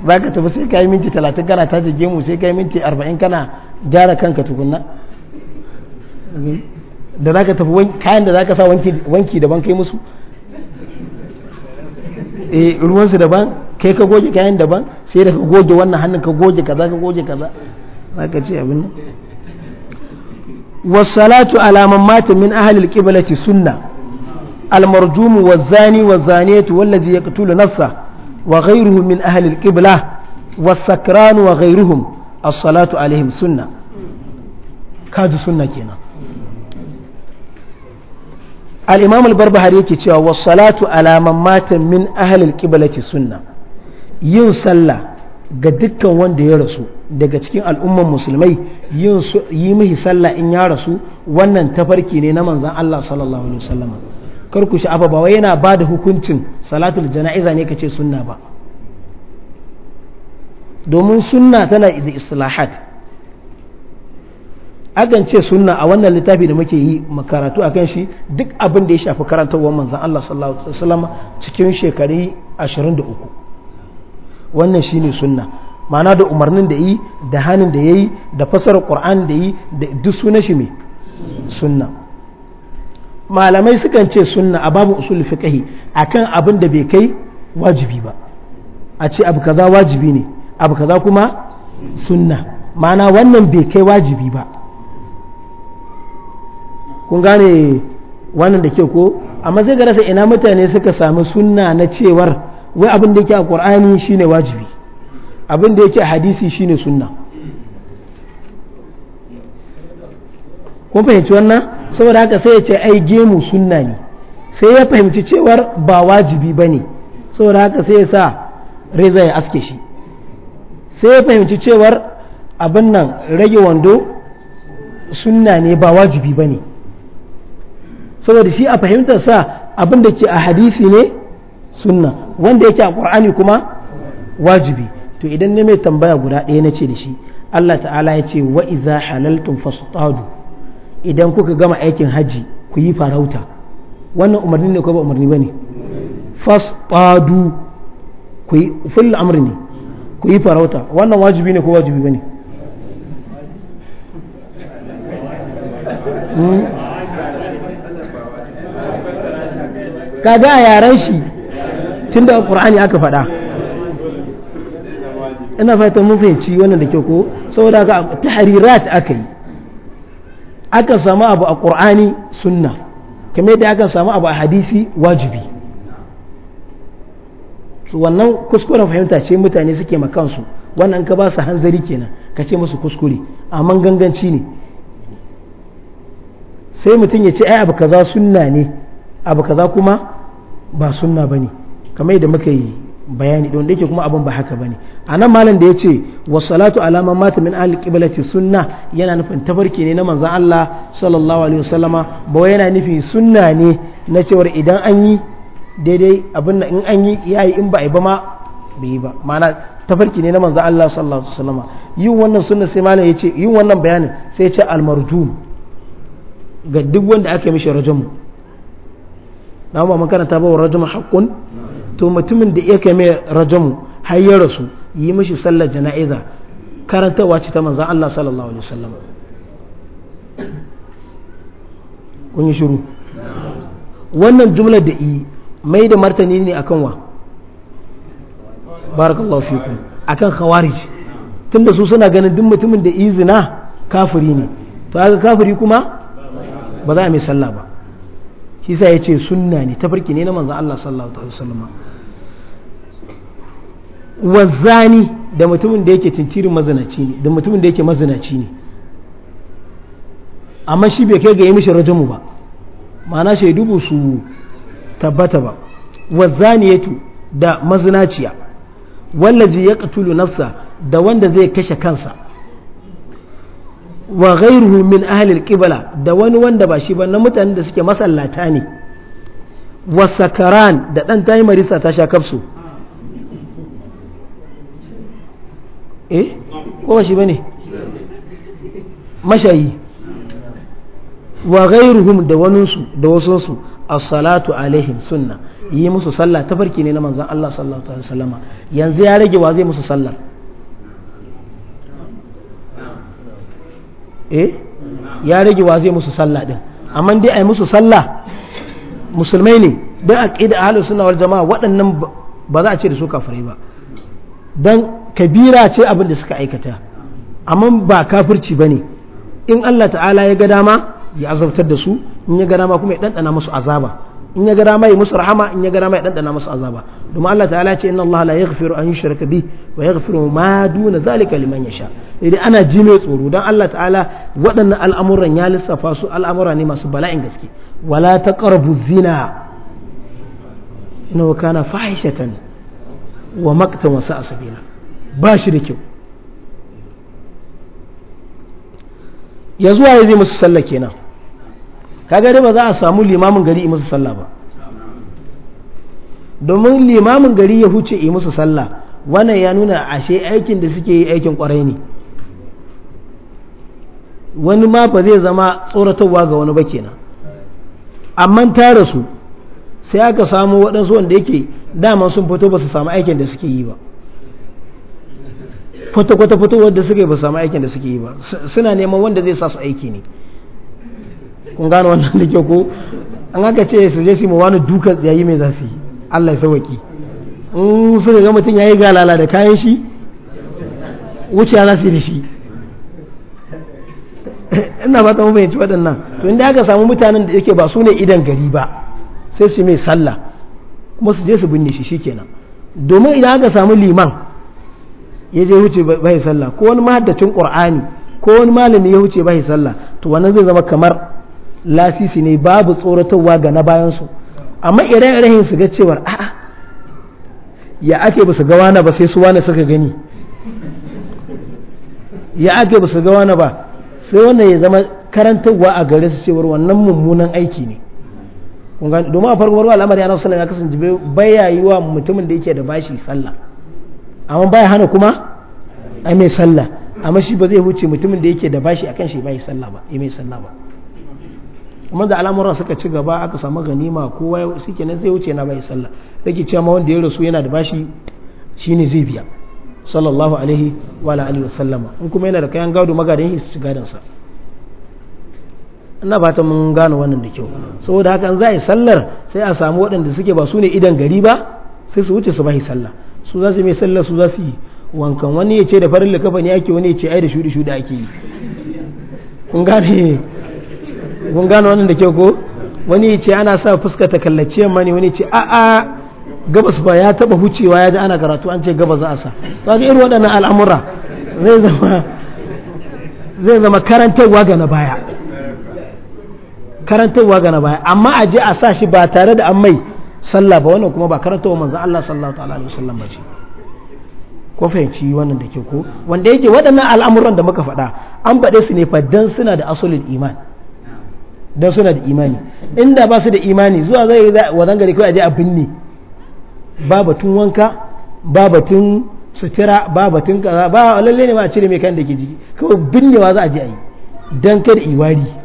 za ka tafi sai ka yi minti talatin kana tace mu sai ka yi minti arba'in kana gyara kanka tukunna da za ka tafi kayan da za ka sa wanki daban kai musu eh, ruwansu daban kai ka goge kayan daban sai da ka goge wannan hannun ka goge kaza ka goge kaza za ka ce abin wasalatu alaman mata min ahalil qiblati sunna almarjumu wa wazaniyatu wallazi yaqtulu nafsa wa ghayruhu min ahalil qibla والسكران وغيرهم الصلاة عليهم سنة كاد سنة كنا الإمام barbahari yake cewa على من مات من أهل القبلة سنة yin sallah ga dukkan wanda ya rasu daga cikin al'umman musulmai yi mihi sallah in ya rasu wannan tafarki ne na manzan Allah sallallahu alaihi wasallama kar ku sha'afa ba wai yana ba da hukuncin salatul jana'iza ne kace sunna ba domin sunna tana da islahat kan ce sunna a wannan littafi da muke yi makaratu a kan shi duk abin da ya shafi karantarwar manzan Allah sallallahu alaihi wasallama cikin shekaru 23 wannan shine sunna ma'ana da umarnin da yi da hannun da ya yi da fasar ƙur'an da yi da duk suna shi mai sunna malamai sukan ce sunna a babu usul a kan abin da bai kai wajibi ba a ce abu kaza wajibi ne abu kaza kuma sunna ma'ana wannan bai kai wajibi ba kun gane wannan da ke ko amma zai ga rasa ina mutane suka sami sunna na cewar wai abin da yake a shi ne wajibi abin da yake a hadisi shi ne suna kun fahimci wannan saboda haka sai ya ce ai gemu sunna ne sai ya fahimci cewar ba wajibi ba ne saboda haka sai ya sa reza ya aske shi sai ya fahimci cewar abin nan rage wando sunna ne ba wajibi ba ne saboda shi a fahimtar sa abin da ke a hadisi ne sunna wanda yake a qur'ani kuma wajibi to idan ne mai tambaya guda ɗaya na ce da shi Allah ta'ala ya ce wa halaltun halaltum fastadu idan kuka gama aikin haji ku yi farauta wannan umarni ne ko ba umarni bane fastadu ku yi fulla amr ne ku yi farauta wannan wajibi ne ko wajibi ne. Hmm? kaga a yaren shi tun da kur'ani aka faɗa ina fatan mun fahimci wannan da kyau ko saboda ka tahrirat aka yi aka samu abu a qur'ani sunna kamar yadda aka samu abu a hadisi wajibi su wannan kuskuren fahimta ce mutane suke ma kansu wannan ka ba su hanzari kenan ka ce musu kuskure amma ganganci ne sai mutum ya ce ai abu kaza sunna ne abu kaza kuma ba sunna ne. kamar yadda muka yi bayani don da yake kuma abin ba haka bane a nan malam da ya ce wasalatu alama mata min ahli qiblati sunna yana nufin tabarki ne na manzon Allah sallallahu alaihi wasallama ba wai yana nufin sunna ne na cewar idan an yi daidai abin nan in an yi yayi in ba ai ba ma bai ba ma'ana tafarki ne na manzon Allah sallallahu alaihi wasallama yin wannan sunna sai malam ya ce yin wannan bayanin sai ya ce almarjum ga duk wanda aka yi mishi rajam na ba karanta ba wa rajam haqqun to mutumin da yake mai rajamu har ya rasu yi mashi sallar jana'iza karantarwa ce ta manzan Allah sallallahu alaihi wasallam kun yi shiru wannan jumlar da yi mai da martani ne akan wa barakallahu fikum akan khawarij tunda su suna ganin duk mutumin da yi zina kafiri ne to aka kafiri kuma ba za a mai sallah ba shi ya ce sunna ne tafarki ne na manzan Allah sallallahu alaihi wasallam wazani da mutumin da yake tintirin mazinaci ne da mutumin da yake mazinaci ne amma shi bai kai ga yi mishi rajamu ba ma'ana shi dubu su tabbata ba wazaniyatu da mazinaciya wallazi ya katulu nafsa da wanda zai kashe kansa wa ghairuhu min al qibla da wani wanda ba shi ba na mutanen da suke masallata ne wa sakaran da dan tayi marisa ta sha kafsu eh ko ba shi bane mashayi wa ghairuhum da waninsu da wasunsu as-salatu alaihim sunna yi musu sallah tafarki ne na manzon Allah sallallahu alaihi wasallama yanzu ya rage wa zai musu sallar eh ya rage wa zai musu sallah din amma dai yi musu sallah musulmai ne don a a halin suna wal jama'a waɗannan ba za a ce da su kafirai ba don kabira ce abin da suka aikata amma ba kafirci ba ne, in Allah ta'ala ya ga dama ya azabtar da su in ya ga dama kuma ya ɗanɗana musu azaba in ya gara mai musu rahama in ya gara mai ɗanɗana musu azaba domin Allah ta'ala ce inna Allah la yaghfiru an yushraka bi wa yaghfiru ma duna zalika liman yasha idan ana ji mai tsoro dan Allah ta'ala waɗannan al'amuran ya lissafa su al'amura ne masu bala'in gaske wala taqrabu zina inna kana fahishatan wa maqtan wa sa'a ba shi da kyau ya zuwa ya zai musu sallah kenan kaga dai ba za a samu limamin gari yi musu sallah ba domin limamin gari ya huce yi musu sallah wannan ya nuna ashe aikin da suke yi aikin kwarai ne wani ma ba zai zama tsoratarwa ga wani ba kenan amma tara su sai aka samu waɗansu wanda yake dama sun fito ba su samu aikin da suke yi ba kwata-kwata fitowar da suke ba su samu aikin da suke yi ba suna neman wanda zai sa su aiki ne kun gano wannan da ke ko an aka ce su je su ma wani dukan yayi mai zafi Allah ya sauwaki in suka ga mutum yayi galala da kayan shi wuce za su da shi <coughs> ina ba ta mabayanci waɗannan to inda aka samu mutanen da yake ba su ne idan gari ba sai su mai sallah kuma su je su binne shi shikenan domin idan aka samu liman ya je wuce bai sallah ko wani mahaddacin qur'ani ko wani malami ya wuce bai sallah to wannan zai zama kamar lasisi ne babu tsoratarwa ga na bayansu amma irin iren su ga cewar a'a ya ake ba su ga wani ba sai su wani suka gani ya ake ba su ga wani ba sai wannan ya zama karantarwa a gare su cewar wannan mummunan aiki ne domin a farko barwa al'amari ana sallam ya kasance baya yi wa mutumin da yake da bashi sallah amma baya hana kuma a mai sallah amma shi ba zai huce mutumin da yake da bashi akan shi bai sallah ba mai sallah ba kuma da al'amuran suka ci gaba aka samu ganima kowa suke kenan zai wuce na bai sallah rage cewa wanda ya rasu yana da bashi shine zai biya sallallahu alaihi wa alihi wasallama in kuma yana da kayan gado magadin shi su ci gadon sa ina fata mun gano wannan da kyau saboda haka an za a yi sallar sai a samu waɗanda suke ba su ne idan gari ba sai su wuce su bai sallah su za su mai sallah su za su yi wankan wani ya ce da farin likafa ne ake wani ya ce ai da shudi shudi ake yi kun gane kun gano wannan da kyau ko wani ce ana sa fuska ta kallace mani wani ce a'a gabas ba ya taba hucewa ya ji ana karatu an ce gabas za a sa ba ga irin waɗannan al'amura zai zama zai zama karantarwa ga na baya karantarwa ga na baya amma a je a sa shi ba tare da an mai sallah ba wannan kuma ba karantarwa manzon Allah sallallahu ta'ala alaihi wasallam ba ce ko fahimci wannan da ke ko wanda yake waɗannan al'amuran da muka faɗa an baɗe su ne fa dan suna da asulul iman don suna da imani inda ba su da imani zuwa zai wa zangare kawai a je a binne ba batun wanka ba batun sutura ba batun kaza ba lalle ne ma a cire mai kan da ke jiki kawai binnewa za a je a yi don kada iwari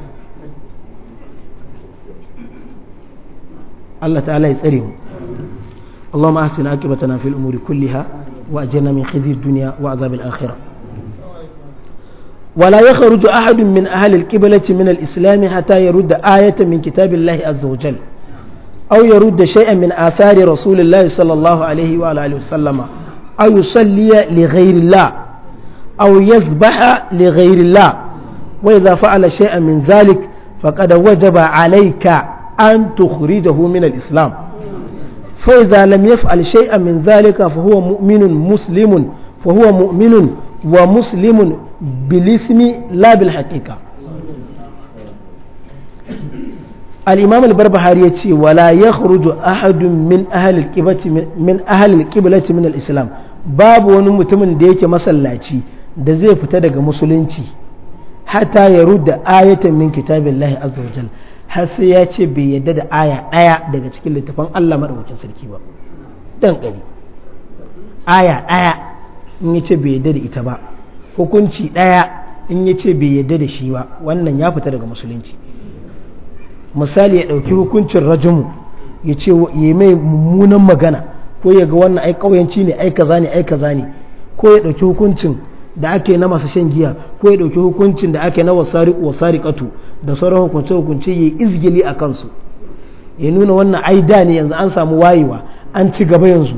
Allah ta'ala ya tsare mu اللهم أحسن عاقبتنا في الأمور كلها وأجرنا من خزي الدنيا وعذاب الآخرة ولا يخرج أحد من أهل الكبلة من الإسلام حتى يرد آية من كتاب الله عز وجل أو يرد شيئا من آثار رسول الله صلى الله عليه وآله وسلم أو يصلي لغير الله أو يذبح لغير الله وإذا فعل شيئا من ذلك فقد وجب عليك أن تخرجه من الإسلام فإذا لم يفعل شيئا من ذلك فهو مؤمن مسلم فهو مؤمن wa muslimun bilismi labil haƙiƙa al'imam al-barbahari ya ce wala yakhruju khuruju ahadun min ahalil ƙibalati min al-islam babu wani mutumin da yake masallaci da zai fita daga musulunci hata ya rudda ayatan min kitabin lahi azawajal har sai ya ce bai yadda da aya ɗaya daga cikin littafin allah maɗaukakin sarki ba dan ƙari aya ɗaya in ya ce bai yadda da ita ba hukunci ɗaya in ya ce bai yadda da shi ba wannan ya fita daga musulunci misali ya ɗauki hukuncin rajumu ya ce ya mai mummunan magana ko ya ga wannan ai ƙauyenci ne ai kaza ne ai kaza ne ko ya ɗauki hukuncin da ake na masu shan giya ko ya ɗauki hukuncin da ake na wasari katu da sauran hukunce hukunce ya izgili a kansu ya nuna wannan ai da ne yanzu an samu wayewa an ci gaba yanzu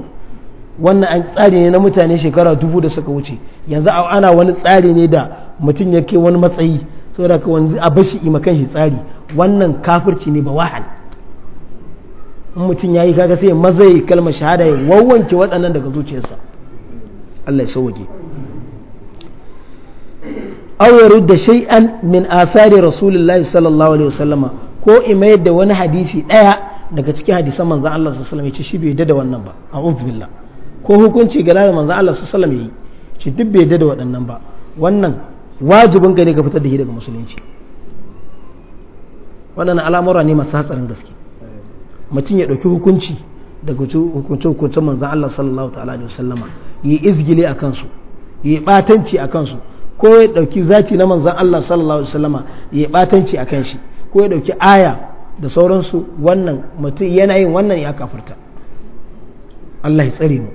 wannan an tsari ne na mutane shekara dubu da suka wuce yanzu ana wani tsari ne da mutum ya yake wani matsayi saboda ka wanzu a bashi imakan shi tsari wannan kafirci ne ba wahal in mutum ya yi kaga sai maza ya kalmar shahada ya wawwanke waɗannan daga zuciyarsa Allah ya sauke aw da shay'an min asari rasulillahi sallallahu alaihi wasallama ko imayar da wani hadisi ɗaya daga cikin hadisan manzon Allah sallallahu alaihi wasallam ya ce shi bai da wannan ba a'udhu billah ko hukunci ga da manzon Allah sallallahu alaihi wasallam shi duk bai da waɗannan ba wannan wajibin gani ka fitar da shi daga musulunci waɗannan al'amura ne masu hatsarin gaske mutum ya ɗauki hukunci daga hukunce-hukuncen manzan Allah sallallahu ta'ala da wasallama yi izgile a kansu yi ɓatanci a kansu ko ya ɗauki zati na manzan Allah sallallahu alaihi wasallama yi ɓatanci a kan shi ko ya ɗauki aya da sauransu wannan mutum yana yin wannan ya kafirta Allah ya tsare mu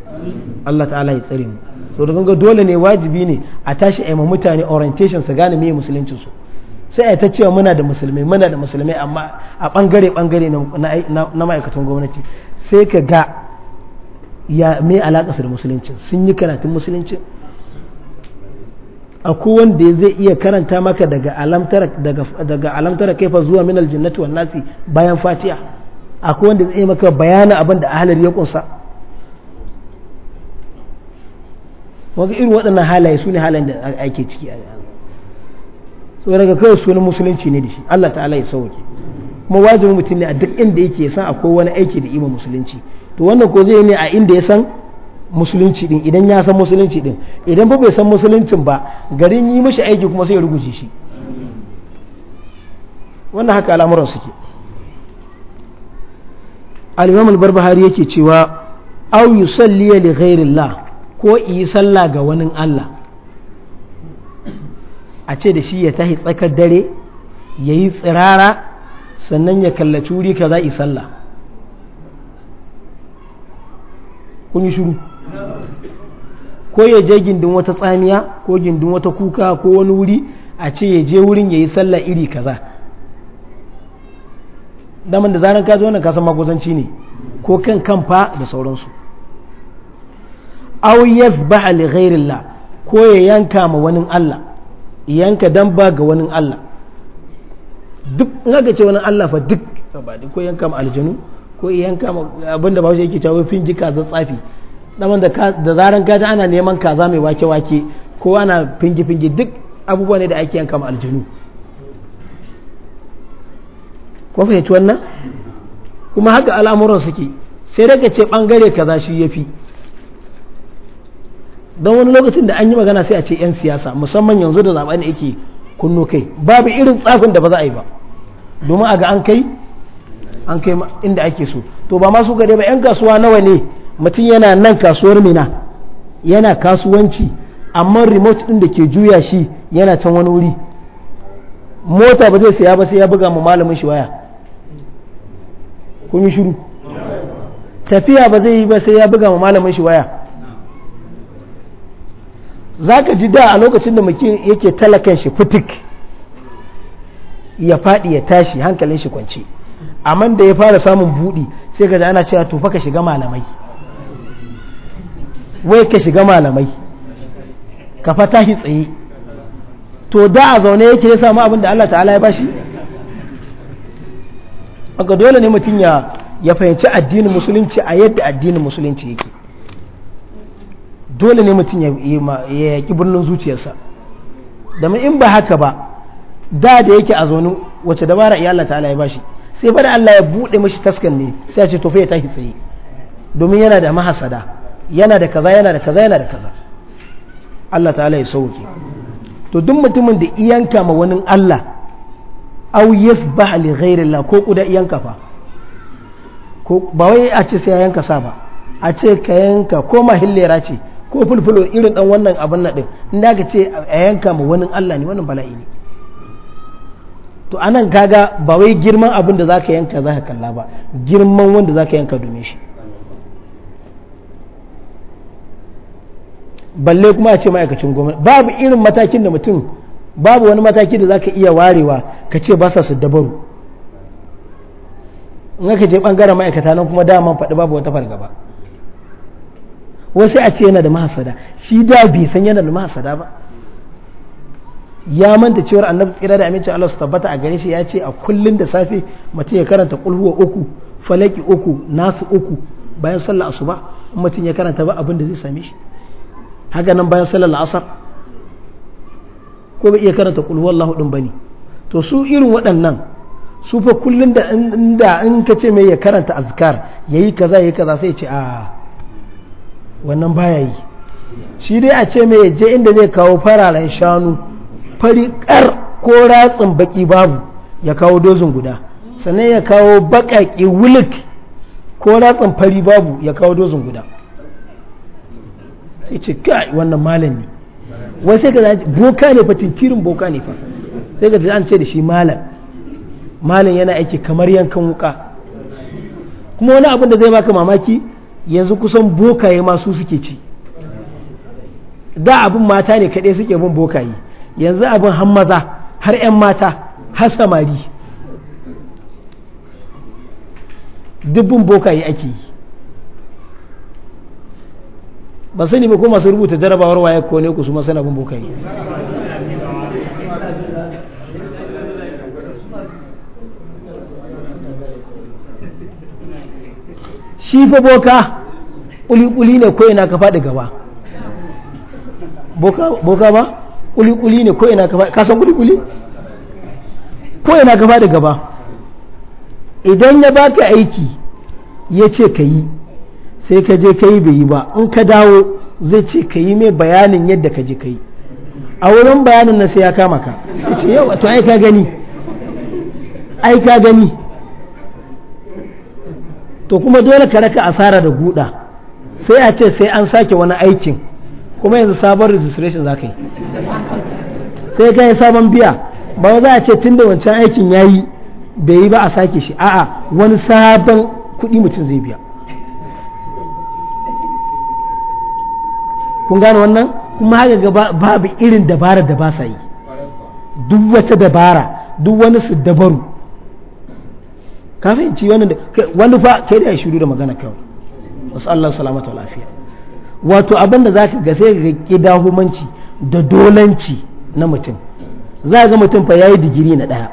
Allah ta'ala ya tsare mu so da ga dole ne wajibi ne a tashi a ma mutane orientation su gane meye musulunci su sai a ta cewa muna da musulmai muna da musulmai amma a bangare bangare na ma'aikatan gwamnati sai ka ga ya me su da musuluncin sun yi karatun musuluncin akwai wanda zai iya karanta maka daga alamtara daga daga alamtara kaifa zuwa min aljannati wan nasi bayan fatiha akwai wanda zai maka bayanin abin da ahlar ya kunsa waga irin waɗannan halaye su ne halayen da ake ciki a yanzu so daga kawai sunan musulunci ne da shi Allah ta'ala ya sauke kuma wajibin mutum ne a duk inda yake san akwai wani aiki da ima musulunci to wannan ko zai ne a inda ya san musulunci din idan ya san musulunci din idan ba bai san musuluncin ba garin yi mashi aiki kuma sai ya rubuce shi wannan haka al'amuran suke al-imam al-barbahari yake cewa aw yusalli li ghairillah ko yi sallah ga wani Allah a ce da shi ya tahi tsakar dare ya yi tsirara sannan ya kallaci wuri ka za yi sallah kun yi shuru ko ya je gindin wata tsamiya ko gindin wata kuka ko wani wuri a ce ya je wurin ya yi sallah iri kaza daman da zaran ka zo kasan magozanci ne ko kan kamfa da sauransu aw yadhbaha li ghairillah ko ya yanka ma wani Allah yanka dan ba ga wani Allah duk naga ce wani Allah fa duk ba ko yanka ma aljanu ko yanka ma abinda ba yake cewa fin jika za tsafi daman da da zaran ka ana neman kaza mai wake wake ko ana fingi fingi duk abubuwa ne da ake yanka ma aljanu ko fahimci wannan kuma haka al'amuran suke sai daga ce bangare kaza shi yafi don wani lokacin da an yi magana sai a ce 'yan siyasa musamman yanzu da zaben yake kunno kai babu irin tsafin da ba za a yi ba domin a ga an kai an kai inda ake so to ba masu gade ba 'yan kasuwa nawa ne mutum yana nan kasuwar mina yana kasuwanci amma remote din da ke juya shi yana can wani wuri mota ba zai saya ba sai ya buga mu malamin shi waya kun yi shiru tafiya ba zai yi ba sai ya buga mu malamin shi waya za ka ji da a lokacin da muke yake talakan shi fitik ya faɗi ya tashi hankalin shi kwance amma da ya fara samun buɗi sai ka ji ana cewa to fa ka shiga malamai wai ka shiga malamai ka fa tashi tsaye to da a zaune yake ya samu abin da Allah ta'ala ya bashi aka dole ne mutum ya fahimci addinin musulunci a yadda addinin musulunci yake dole ne mutum ya yaƙi birnin zuciyarsa da in ba haka ba da da yake a zaune wacce dabara iya Allah ta'ala ya bashi sai bada Allah ya buɗe mashi taskan ne sai ya ce tofe ya tashi tsaye domin yana da mahasada yana da kaza yana da kaza yana da kaza Allah ta'ala ya sauke to duk mutumin da iyanka ma wani Allah aw yasbah li Allah ko kuda iyanka fa ko ba wai a ce sai yanka sa ba a ce ka yanka ko mahillera ce ko fulfulo irin dan wannan abin na din in da ka ce a yanka ma wani Allah ne wannan bala'i ne to anan kaga ba wai girman abin da zaka yanka zaka kalla ba girman wanda zaka yanka domin shi balle kuma a ce ma'aikacin gwamnati babu irin matakin da mutum babu wani mataki da zaka iya warewa ka ce ba sa su dabaru in aka je bangaren ma'aikata nan kuma dama faɗi babu wata fargaba wasu a ce yana da mahasada shi da bai san yana da mahasada ba ya manta cewar annabi tsira da amincin Allah su tabbata a gare shi ya ce a kullun da safe mutum ya karanta kulhuwa uku falaki uku nasu uku bayan sallar asuba in mutum ya karanta ba abin da zai same shi haka nan bayan sallar la'asar ko bai iya karanta kulhuwa Allah hudun bane to su irin waɗannan su fa kullun da inda in ka ce mai ya karanta azkar yayi kaza yayi kaza sai ya ce a wannan baya yi shi dai a ce mai je inda zai kawo fararen shanu fari kar ko ratsin baki babu ya kawo dozin guda sannan ya kawo bakaki wulik ko ratsin fari babu ya kawo dozin guda sai ce kai wannan malami wai sai ka boka ne fa tinkirin boka ne fa sai ka an ce da shi malam malam yana aiki kamar yankan wuka kuma wani abin da zai baka mamaki yanzu kusan bokaye masu suke ci da abin mata ne kaɗai suke bin bokaye yanzu abin hammaza har 'yan mata har samari dubbin bokaye ake yi ba sani ba ko masu rubuta jarabawar waye ko ne ku su masana bin bokaye shi fa boka kulikuli ne ko ina ka faɗi gaba boka ba kuli ne ko ina ka faɗi kasan kuli ko ina ka faɗi gaba idan ya baka aiki ya ce ka yi sai ka je ka yi bai yi ba in ka dawo zai ce ka yi mai bayanin yadda ka je ka yi a wurin bayanin na sai ya kama ka sai ce yau to ai ka gani ai ka gani to kuma dole ka raka asara da guda sai a ce sai an sake wani aikin kuma yanzu sabon registration za ka yi sai ka yi sabon biya ba za a ce tun da wancan aikin ya yi bai yi ba a sake shi a'a wani sabon kuɗi mutum zai biya kun gane wannan kuma haka ga babu irin dabara da ba sa yi duk wata dabara duk wani su dabaru kafin ci wani fa kai da ya shiru da magana kawai wasu Allah salamata wa lafiya wato abin da zaka ga sai ga da dolanci na mutum za ga mutum fa yayi digiri na daya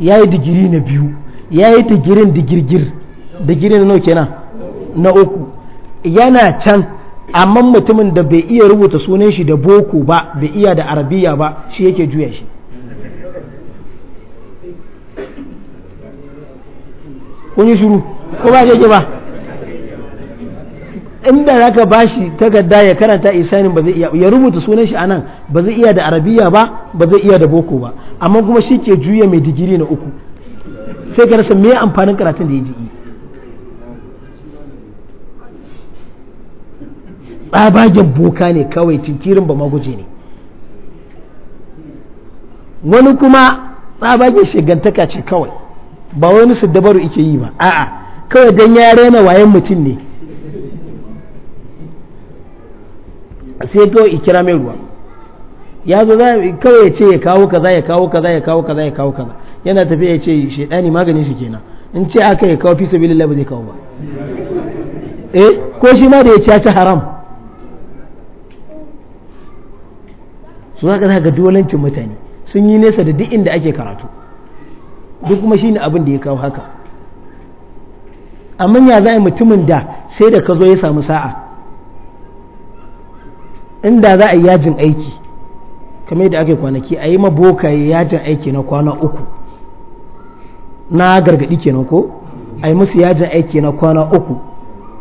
yayi digiri na biyu yayi digirin digirgir digiri na nawa kenan na uku yana can amma mutumin da bai iya rubuta sunan shi da boko ba bai iya da arabiya ba shi yake juya shi kun yi shiru ko ba ke ba inda za ka bashi takarda ya karanta isanin ba zai iya ya rubuta sunan shi anan ba zai iya da arabiya ba ba zai iya da boko ba amma kuma shi ke juya mai digiri na uku sai ka rasa meye amfanin karatun da ya ji tsabagen boka ne kawai cincirin ba maguje ne wani kuma tsabagen shigantaka ce kawai ba wani su dabaru ike yi ba a'a kawai dan ya rena wayan mutum ne sai kawai ikira mai ruwa ya zo kawai ya ce ya kawo kaza ya kawo kaza ya kawo kaza ya kawo kaza yana tafiya ya ce ɗani maganin shi kenan in ce aka ya kawo fisa sabilillah ba zai kawo ba eh ko shi ma da ya ci ya ci haram su za ka ga dolancin mutane sun yi nesa da duk inda ake karatu duk kuma shine abin da ya kawo haka amma ya zai mutumin da sai da ka zo ya samu sa'a inda za a yi yajin aiki kamar yadda ake kwanaki a yi maboka yajin aiki na kwana uku na gargadi kenan ko a yi musu yajin aiki na kwana uku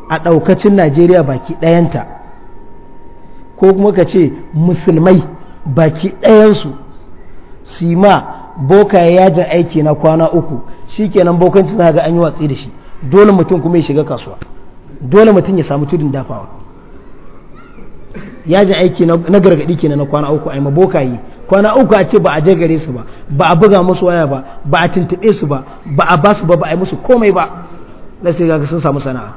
a daukacin najeriya baki ɗayanta ko kuma ka ce musulmai baki su su yi ma boka ya yajin aiki na kwana uku shikenan bokanci za ga an yi watsi da shi dole mutum kuma ya shiga kasuwa dole mutum ya samu tudun dafawa yajin aiki na gargaɗi kenan na kwana uku a yi maboka yi kwana uku a ce ba a je gare su ba ba a buga musu waya ba ba a tuntube su ba ba a basu ba ba a yi musu komai ba na sai ga sun samu sana'a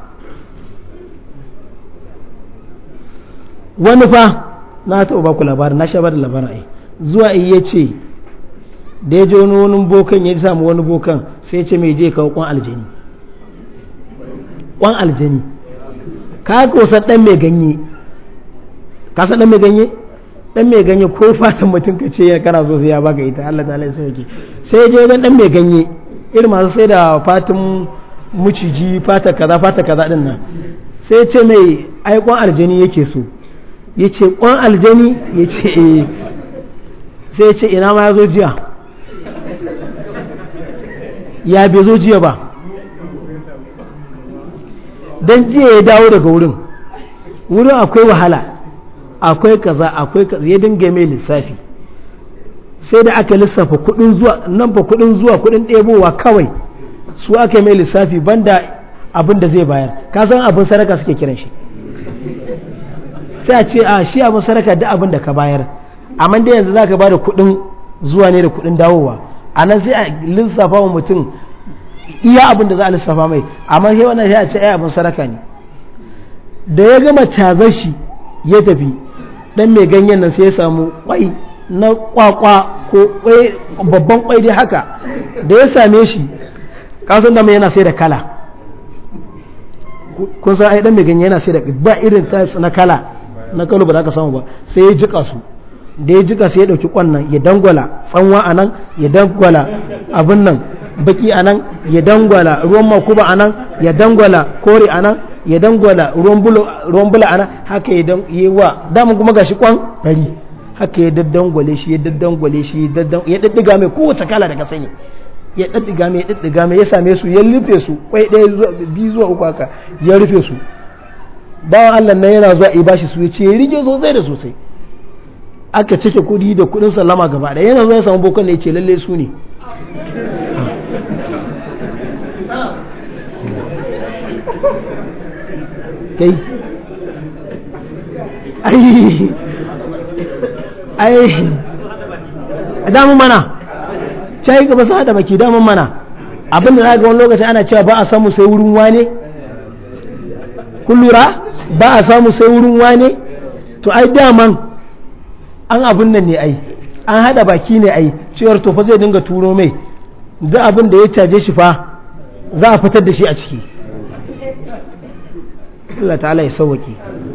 wani fa na taɓa ba ku labarin na sha ba da labarin ai zuwa iya ce da ya je wani wani bokan ya samu wani bokan sai ce mai je kawo kwan aljani kwan aljani ka kosa dan mai ganye ka san dan mai ganye dan mai ganye ko fatan mutum ka ce ya kana so sai ya baka ita Allah ta'ala sai sauki sai je wani dan mai ganye irin masu sai da fatan muciji fata kaza fata kaza din nan sai ce mai ai kwan aljani yake so yace kwan aljani yace eh sai ce ina ma ya zo jiya ya bai zo jiya ba don jiya ya dawo daga wurin wurin akwai wahala akwai kaza akwai kaza ya dinga mai lissafi sai da aka lissafa kudin zuwa nan fa kudin zuwa kudin ɗebowa kawai su aka mai lissafi banda abin da zai bayar ka san abin saraka suke kiran shi sai a ce a ah, shi abin saraka da abin da ka bayar amma dai yanzu ba da kudin zuwa ne da kudin dawowa a nan sai a lissafa wa mutum iya abin da za a lissafa mai amma sai wannan sai a ce ai abin saraka ne da ya gama cazar shi ya tafi dan mai ganyen nan sai ya samu kwai na kwakwa ko babban kwai dai haka da ya same shi kasan da mai yana sai da kala kun san ai dan mai ganye yana sai da ba irin types na kala na kalu ba za ka samu ba sai ya jika su da ya ka sai ya ɗauki nan ya dangwala tsanwa a nan ya dangwala abin nan baki a nan ya dangwala ruwan makuba a nan ya dangwala kore a nan ya dangwala ruwan bula a nan haka ya yi wa damun kuma gashi kwan ɗari haka ya daddangwale shi ya daddangwale shi ya daddiga mai kowace kala daga sanyi ya daddiga mai ya daddiga mai ya same su ya rufe su kwai ɗaya biyu zuwa uku haka ya rufe su bawan allah nan yana zuwa ya bashi su ya ce ya rike sosai da sosai aka cike kudi da kudin sallama gaba da yana zai samu bokon ne ce lalle su ne kai ai ai damun mana cai gaba sa hada baki damun mana abinda na ga wani lokaci ana cewa ba a samu sai wurin wane kun lura ba a samu sai wurin wane to ai daman an abun nan ne ai an hada baki ne ai cewar tofa zai dinga turo mai duk abin da ya caje shi fa za a fitar da shi a ciki Allah ta'ala ya sauwake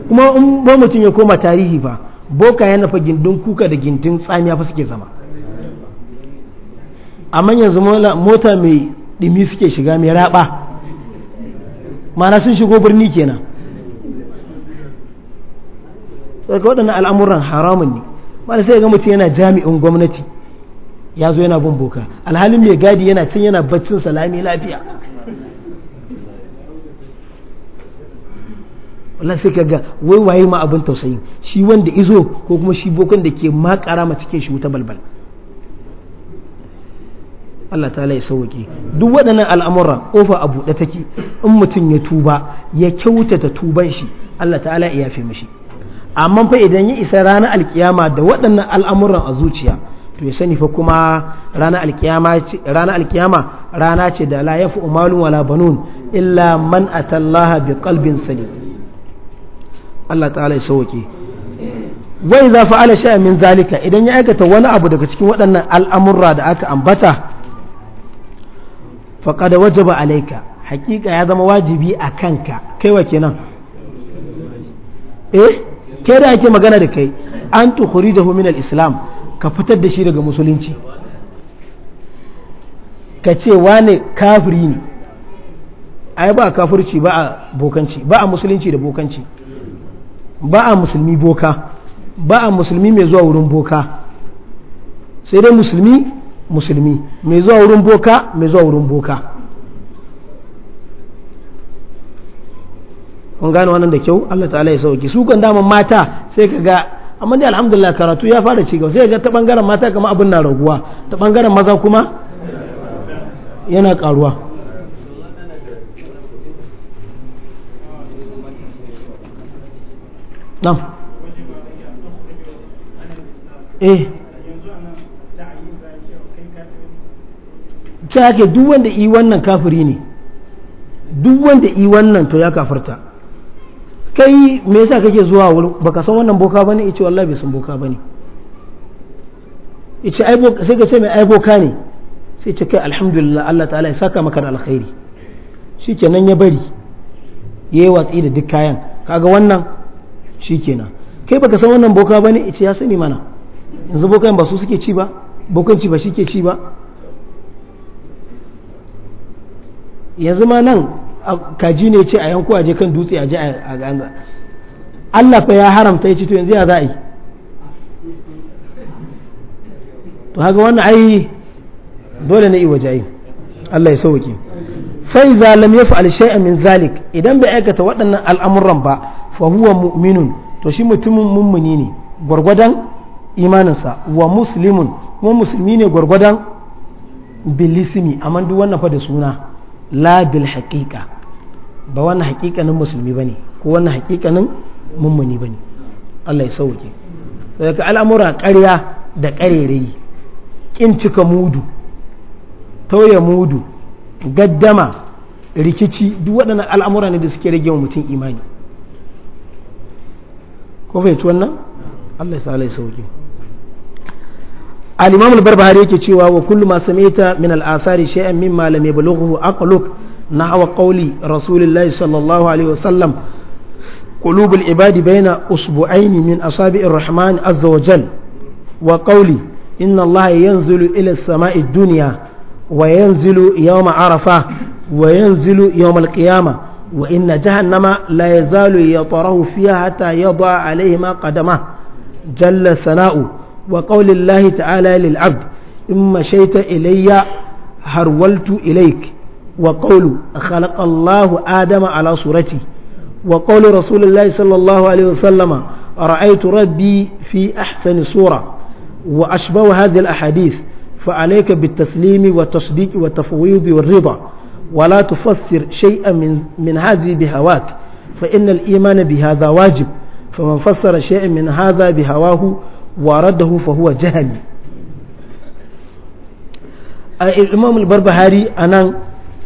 kuma in ba mutum ya koma tarihi fa boka yana fa gindin kuka da gintin tsamiya fa suke zama amma yanzu mota mai dimi suke shiga mai raba mana sun shigo birni kenan daga waɗannan al'amuran haramun ne wanda sai ga mutum yana jami'in gwamnati ya zo yana bin boka alhalin mai gadi yana can yana baccin salami lafiya wala sai ga wai waye ma abin tausayi shi wanda izo ko kuma shi bokan da ke makara ma cikin shi wuta balbal Allah ta ya sauke duk waɗannan al'amura kofa a buɗe take in mutum ya tuba ya kyautata tuban shi Allah ta'ala ya yafe mashi amma fa idan ya isa rana alkiyama da waɗannan al'amuran a zuciya to ya sani fa kuma rana alkiyama rana ce da la yafi umarun wala banun illa man atallaha bi kalbin sani Allah ta'ala ya sauke wai za fa ala sha min zalika idan ya aikata wani abu daga cikin waɗannan al'amurra da aka ambata da wajaba alaika hakika ya zama wajibi a kanka kaiwa kenan eh ke da ake magana da kai an tuhuri da min islam ka fitar da shi daga musulunci ka ce wane kafiri ne ai ba kafirci ba a bokanci ba a musulunci da bokanci ba a musulmi boka ba a musulmi mai zuwa wurin boka sai dai musulmi musulmi mai zuwa wurin boka mai zuwa wurin boka kun gane wannan da kyau Allah ta'ala ya sauki su kan dama mata sai ka ga amma dai alhamdulillah karatu ya fara ci gaba sai ga ta bangaren mata kamar abin na raguwa ta bangaren maza kuma yana karuwa nan eh ta ake duk wanda i wannan kafiri ne duk wanda i wannan to ya kafarta kai me yasa kake zuwa wurin baka san wannan boka bane yace wallahi bai san boka bane yace ai boka sai ka ce mai ai boka ne sai ce kai alhamdulillah Allah ta'ala ya saka maka da alkhairi shikenan ya bari yayi watsi da duk kayan kaga wannan shikenan kai baka san wannan boka bane yace ya sani mana yanzu bokan ba su suke ci ba ci ba shi ke ci ba yanzu ma nan kaji ne ce a yanku a je kan dutse a je a ganga Allah fa ya haramta ya ce to yanzu ya za to haka wannan ai dole ne iwa jayi Allah ya sauke fa idza lam yaf'al shay'an min zalik idan bai aikata waɗannan al'amuran ba fa huwa mu'minun to shi mutumin mummuni ne gwargwadon imaninsa wa muslimun kuma musulmi ne gwargwadon bilisimi amma duk wannan fa da suna la bil haqiqa ba wannan haqiqanin musulmi bane ko wannan haqiqanin mummuni bane Allah ya sauke daga al'amura ƙarya da ƙarerayi kin cika mudu tauye mudu gaddama rikici duk waɗannan al'amura ne da suke rage wa mutum imani ko fahimci wannan Allah sa Allah ya sauke al-imam al-barbahari yake cewa wa kullu ma sami'ta min al-athari shay'an mimma lam yablughu aqluk nahwa qawli rasulillahi sallallahu alaihi wasallam قلوب العباد بين أصبعين من أصابع الرحمن عز وجل وقولي إن الله ينزل إلى السماء الدنيا وينزل يوم عرفة وينزل يوم القيامة وإن جهنم لا يزال يطره فيها حتى يضع عليهما قدمه جل ثناؤه وقول الله تعالى للعبد إن مشيت إلي هرولت إليك وقول خلق الله آدم على صورتي وقول رسول الله صلى الله عليه وسلم رأيت ربي في أحسن صورة وأشبه هذه الأحاديث فعليك بالتسليم والتصديق والتفويض والرضا ولا تفسر شيئا من, من هذه بهواك فإن الإيمان بهذا واجب فمن فسر شيئا من هذا بهواه waradahu fa huwa jahami imam al-barbahari anan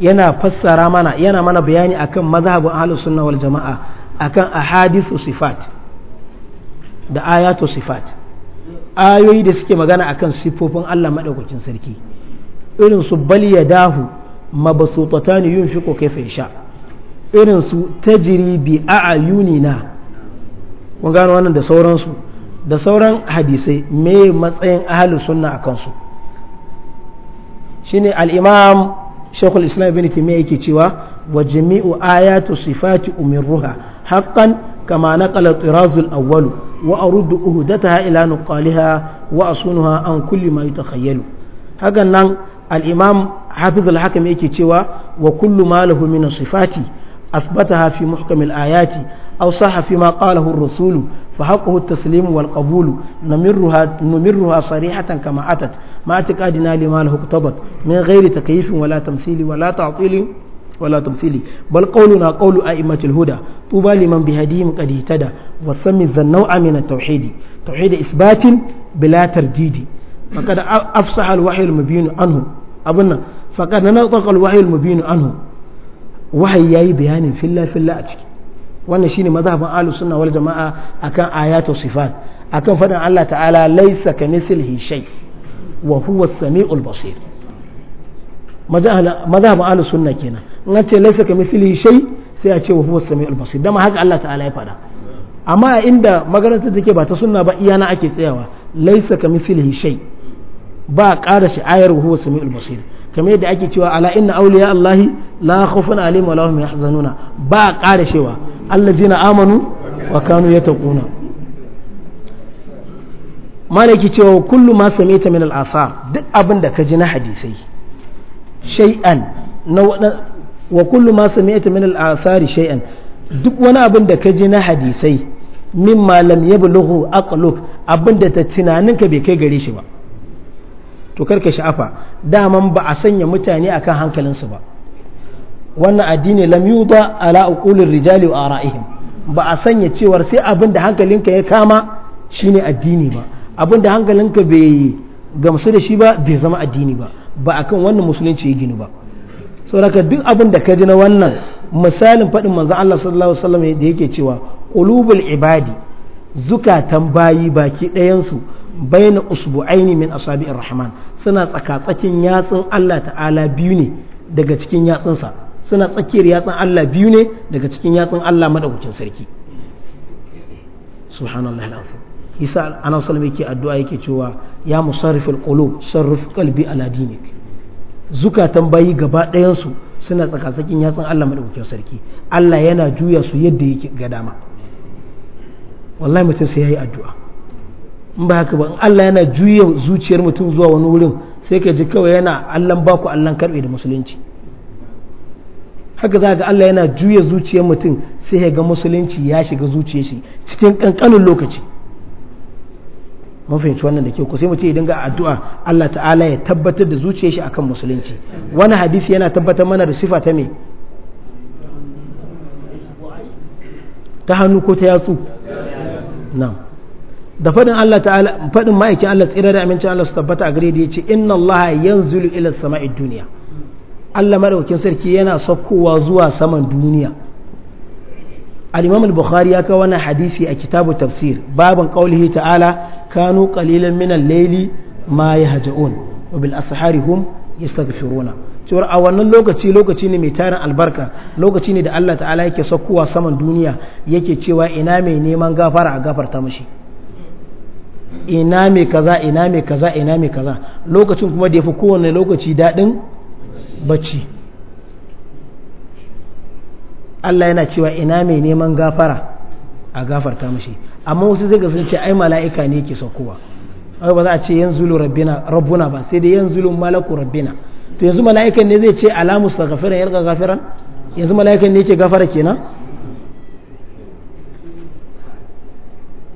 yana fassara mana yana mana bayani akan mazhabin ahlus sunna wal jama'a akan ahadithu sifat da ayatu sifat ayoyi da suke magana akan sifofin Allah madaukakin sarki irin su bal yadahu mabsutatani yunfiqu kayfa yasha irin su tajri bi a'yunina kun gano wannan da sauransu da sauran hadisai me matsayin ahalus sunna a kansu shine al-imam shekul islam ibn taymiya yake cewa wa jami'u ayatu sifati umirruha haqqan kama naqala tirazu al-awwal wa aruddu uhdataha ila nuqaliha wa asunuha an kulli ma yatakhayyalu hakan nan al-imam hafiz al-hakim yake cewa wa kullu ma lahu min sifati أثبتها في محكم الآيات أو ma فيما قاله rasulu. فحقه التسليم والقبول نمرها, نمرها صريحة كما أتت ما اعتقادنا لما له اقتضت من غير تكييف ولا تمثيل ولا تعطيل ولا تمثيل بل قولنا قول أئمة الهدى طوبى لمن بهديهم قد اهتدى وسمي ذا النوع من التوحيد توحيد إثبات بلا ترديد فقد أفصح الوحي المبين عنه أبنا فقد نطق الوحي المبين عنه وحي ياي بيان في الله في الله أتكي wannan shine mazhabin ahlus sunna wal jama'a akan ayatu sifat akan fadan Allah ta'ala laysa kamithlihi shay wa huwa as-sami'ul basir mazhabin ahlus sunna kenan in ce laysa kamithlihi shay sai a ce wa huwa as-sami'ul basir dama haka Allah ta'ala ya fada amma inda magarantar take ba ta sunna ba iyana ake tsayawa laysa kamithlihi shay ba ƙara shi ayar wa huwa as-sami'ul basir kamar yadda ake cewa ala inna awliya allahi la khawfun alaihim wa lahum yahzanuna ba ƙara cewa allazina amanu wa kanu yattaquna malaki cewa kullu ma samita min al-asar duk abin da ka ji na hadisai shay'an wa kullu ma samita min al-asari shay'an duk wani abin da ka ji na hadisai min malam ya bulughu aqluk abin da ta tunaninka bai kai gare shi ba to karka sha'afa dama ba a sanya mutane a kan hankalinsu ba wannan addini lam yuda ala uqulir rijali wa ara'ihim ba a sanya cewar sai abinda da hankalinka ya kama shine addini ba abin da hankalinka bai gamsu da shi ba bai zama addini ba ba akan wannan musulunci ya gini ba saboda duk abin da ka ji na wannan misalin faɗin manzon Allah sallallahu alaihi wasallam da yake cewa qulubul ibadi zukatan bayi baki ɗayansu bayna usbu'aini min asabi'ir rahman suna tsaka tsakin yatsun Allah ta'ala biyu ne daga cikin yatsunsa suna tsakiyar yatsun Allah biyu ne daga cikin yatsun Allah madaukakin sarki subhanallahi alazim isa ana sallam yake addu'a yake cewa ya musarrifil qulub sarrif qalbi ala dinik zukatan bayi gaba ɗayan su suna tsakin yatsun Allah madaukakin sarki Allah yana juya su yadda yake ga dama wallahi mutum sai yayi addu'a ba haka ba in Allah yana juya zuciyar mutum zuwa wani wurin sai ka ji kawai yana allan baku allan karbe da musulunci haka za ga Allah yana juya zuciyar mutum sai ya ga musulunci ya shiga zuciyar shi cikin kankanin lokaci mun fahimci wannan da ke ku sai ce idan ga addu'a Allah ta'ala ya tabbatar da zuciyar shi akan musulunci wani hadisi yana tabbatar mana da sifa ta me ta hannu ko ta yatsu na'am da faɗin Allah ta'ala faɗin ma'aikin Allah tsira da amincin Allah su tabbata a gare da yace inna Allah yanzulu ila sama'i duniya Allah madaukakin sarki yana saukowa zuwa saman duniya al-Imam al-Bukhari ya kawo wannan hadisi a kitabu tafsir babin qaulihi ta'ala kanu qalilan min al-layli ma yahja'un wa bil ashari hum yastaghfiruna cewar a wannan lokaci lokaci ne mai tarin albarka lokaci ne da Allah ta'ala yake saukowa saman duniya yake cewa ina mai neman gafara a gafarta mashi ina mai kaza ina mai kaza ina mai kaza lokacin kuma da ya fi kowane lokaci daɗin bacci Allah yana cewa ina mai neman gafara a gafarta mashi amma wasu zai sun ce ai mala'ika ne ke saukowa ai ba za a ce yanzu rabbina rabbuna ba sai dai yanzu malaku rabbina to yanzu mala'ikan ne zai ce alamu gafiran yarga gafiran yanzu mala'ikan ne ke gafara kenan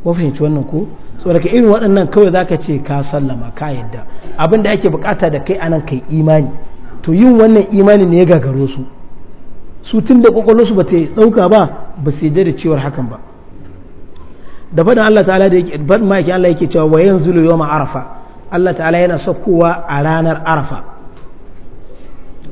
wa fahimci wannan ko saboda irin waɗannan kawai zaka ce ka sallama ka yadda abin da ake bukata da kai anan kai imani to yin wannan imani ne ya gagaro su su tun da kwakwalwarsu ba ta ɗauka ba ba su yadda da cewar hakan ba da faɗin Allah ta'ala da yake faɗin ma'aikin Allah yake cewa wa yanzu lo yawma arafa Allah ta'ala yana saukowa a ranar arafa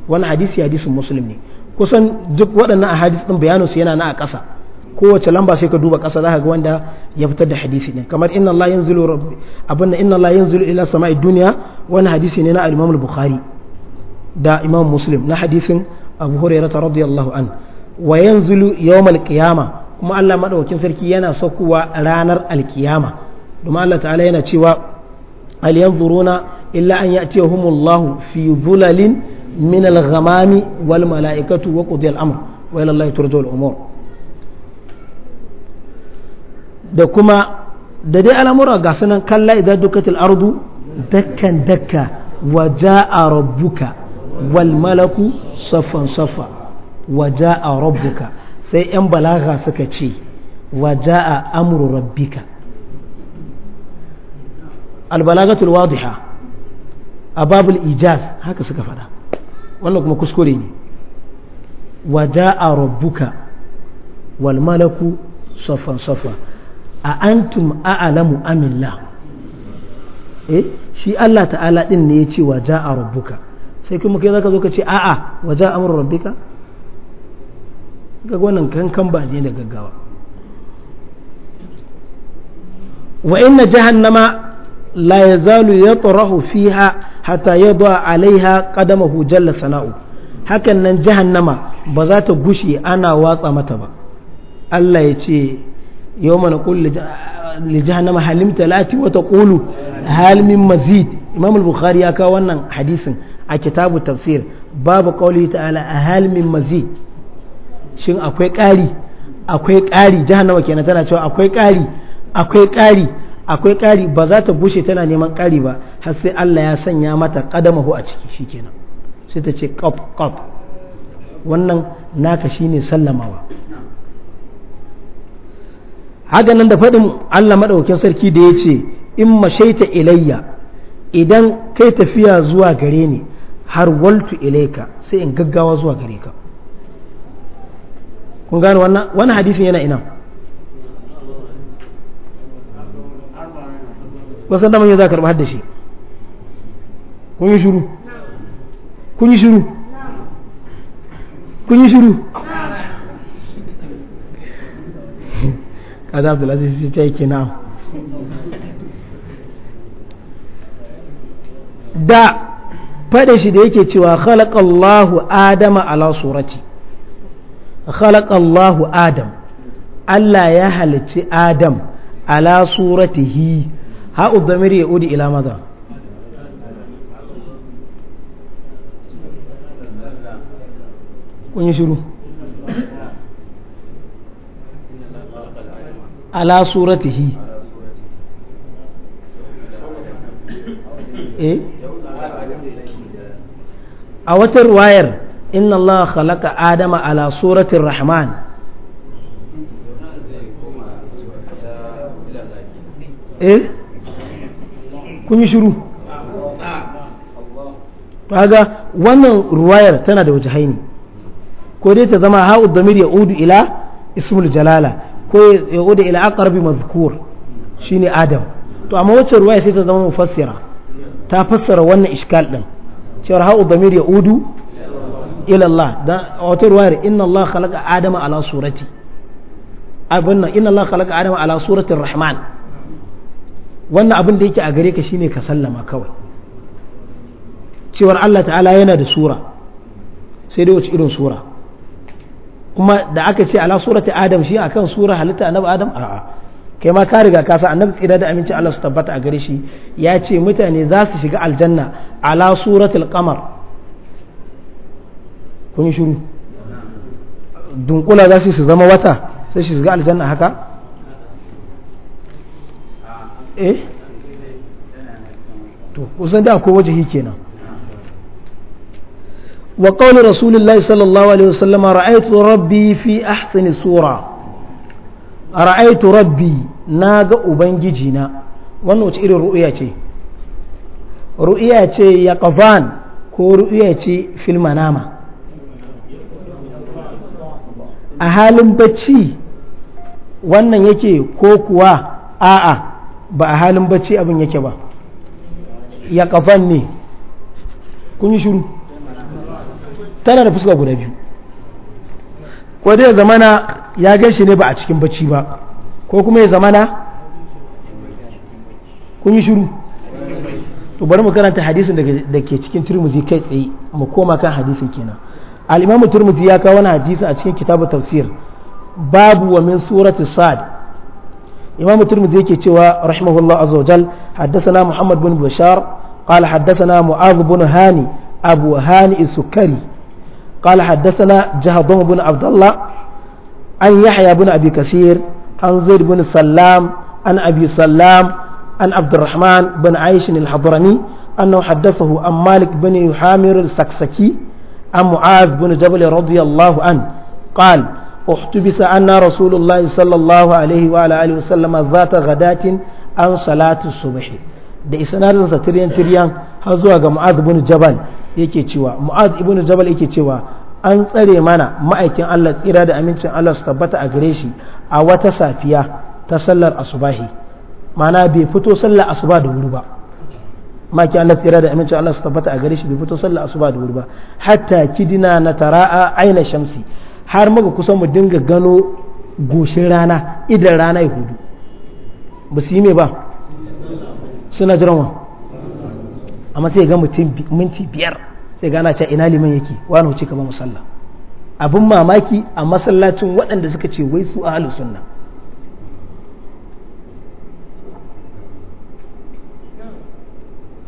wani hadisi hadisin musulmi ne kusan duk waɗannan ahadis ɗin bayanin su yana na a ƙasa kowace lamba sai ka duba ƙasa za ka ga wanda ya fitar da hadisi ne kamar inna Allah yanzilu rabbi abin da inna Allah yanzilu ila sama'i duniya wani hadisi ne na al-Imam al-Bukhari da Imam Muslim na hadisin Abu Hurairah radiyallahu an wa yanzilu yawm al-qiyama kuma Allah madaukakin sarki yana sakuwa ranar al-qiyama domin Allah ta'ala yana cewa al yanzuruna illa an ya'tiyahumullahu fi dhulalin min al-ghamami wal mala'ikatu wa qudiya al-amr wa ila Allah turja'u al-umur da kuma da dai al'amura ga sunan kalla idan dukatil ardu dakkan dakka wa ja'a rabbuka wal malaku saffan saffa wa ja'a rabbuka sai yan balaga suka ce wa ja'a amru rabbika albalagatul wadiha a babul ijaz haka suka faɗa wannan kuma kuskure ne wa ja'a rabbuka wal malaku saffan saffa a antum a'lamu amillah eh shi Allah ta'ala din ne ya ce wa ja'a rabbuka sai kuma kai zaka zo ka ce a'a wa ja'a amru rabbika ga wannan kankan ba ne da gaggawa wa inna jahannama la yazalu yatrahu fiha hatta yadwa alaiha qadamahu jalla sana'u hakan nan jahannama ba za ta gushe ana watsa mata ba Allah ya ce yawma naqul li jahannama halim talati wa taqulu hal min mazid imam al-bukhari ya kawo wannan hadisin a kitabu tafsir babu qawli ta'ala hal min mazid shin akwai ƙari akwai ƙari jahannama kenan tana cewa akwai kari akwai ƙari akwai ƙari ba za ta bushe tana neman ƙari ba har sai Allah ya sanya mata ƙadamahu a ciki shikenan sai ta ce ƙaf ƙaf wannan naka shine sallamawa haka nan da faɗin Allah maɗaukin sarki da ya ce in mashaita ilayya idan kai tafiya zuwa gare ni har waltu ilayka sai in gaggawa zuwa gare ka kun gano wannan wani hadisin yana ina wasan da manyan za karɓi har da shi kun yi shuru kun yi shuru kun yi shuru kaza sai ta da faɗa shi da yake cewa khalaqallahu adama ala surati khalaqallahu adam Allah ya halicci adam ala suratihi ha damir ya udi ila maza kun yi shiru ala suratihi eh? a wata ruwayar inna Allah khalaka adama ala suratin rahman eh kun yi shiru kaga wannan ruwayar tana da wajahaini ko dai ta zama ha'ud damir ya udu ila ismul jalala ko ya uda ila aqrabi mazkur shine adam to amma wacce ruwaya sai ta zama mufassira ta fassara wannan iskal din cewar ha'u damir ya udu ila Allah dan wata ruwayar inna Allah khalaqa adama ala surati abin nan inna Allah khalaqa adama ala suratir rahman wannan abin da yake a gare ka shine ka sallama kawai cewar Allah ta'ala yana da sura sai dai wacce irin sura kuma da aka ce ala surati adam shi akan sura halitta annabi adam a'a kai ma ka riga ka san annabi tsira da aminci Allah su tabbata a gare shi ya ce mutane za su shiga aljanna ala suratul qamar kun shiru dunkula za su zama wata sai shi shiga aljanna haka eh to kusan da ko wajihi kenan وقول رسول الله صلى الله عليه وسلم رأيت ربي في أحسن صورة رأيت ربي ubangiji na wannan wace irin ru'uya ce ru'uya ce ya qafan ko ru'uya ce nama a halin bacci wannan yake ko kuwa a'a ba a halin bacci abin yake ba ya kafan ne kun yi shuru tana da fuska guda biyu ko dai zamana ya gan shi ne ba a cikin bacci ba ko kuma ya zamana kun yi shiru to bari mu karanta hadisin da ke cikin turmuzi kai tsaye mu koma kan hadisin kenan alimamu turmuzi ya kawo wani hadisi a cikin kitabu tafsir babu wa min surati sad imamu turmuzi yake cewa rahimahullah azza wajal haddathana muhammad bin bashar قال حدثنا معاذ بن hani أبو هاني sukari قال حدثنا جهضم بن عبد الله عن يحيى بن أبي كثير عن زيد بن سلام عن أبي سلام عن عبد الرحمن بن عيش الحضرمي أنه حدثه عن مالك بن يحامر السكسكي عن معاذ بن جبل رضي الله عنه قال احتبس عنا رسول الله صلى الله عليه وعلى آله وسلم ذات غداة عن صلاة الصبح da isnadin sa tiryan tiryan har zuwa ga mu'adh bin jabal yake cewa mu'az ibnu jabal yake cewa an tsare mana ma'aikin Allah tsira da amincin Allah su tabbata a gare shi a wata safiya ta sallar asubahi mana bai fito sallar asuba da wuri ba Ma'aikin Allah tsira da amincin Allah su tabbata a gare shi bai fito sallar asuba da wuri ba hatta kidina na tara'a aina shamsi har muka kusa mu dinga gano goshin rana idan rana ya hudu ba su yi me ba suna jiran wa amma sai ga mutum minti biyar sai gana ce ina liman yake wani wuce ka musalla abin mamaki a masallacin waɗanda suka ce wai su ahlus sunna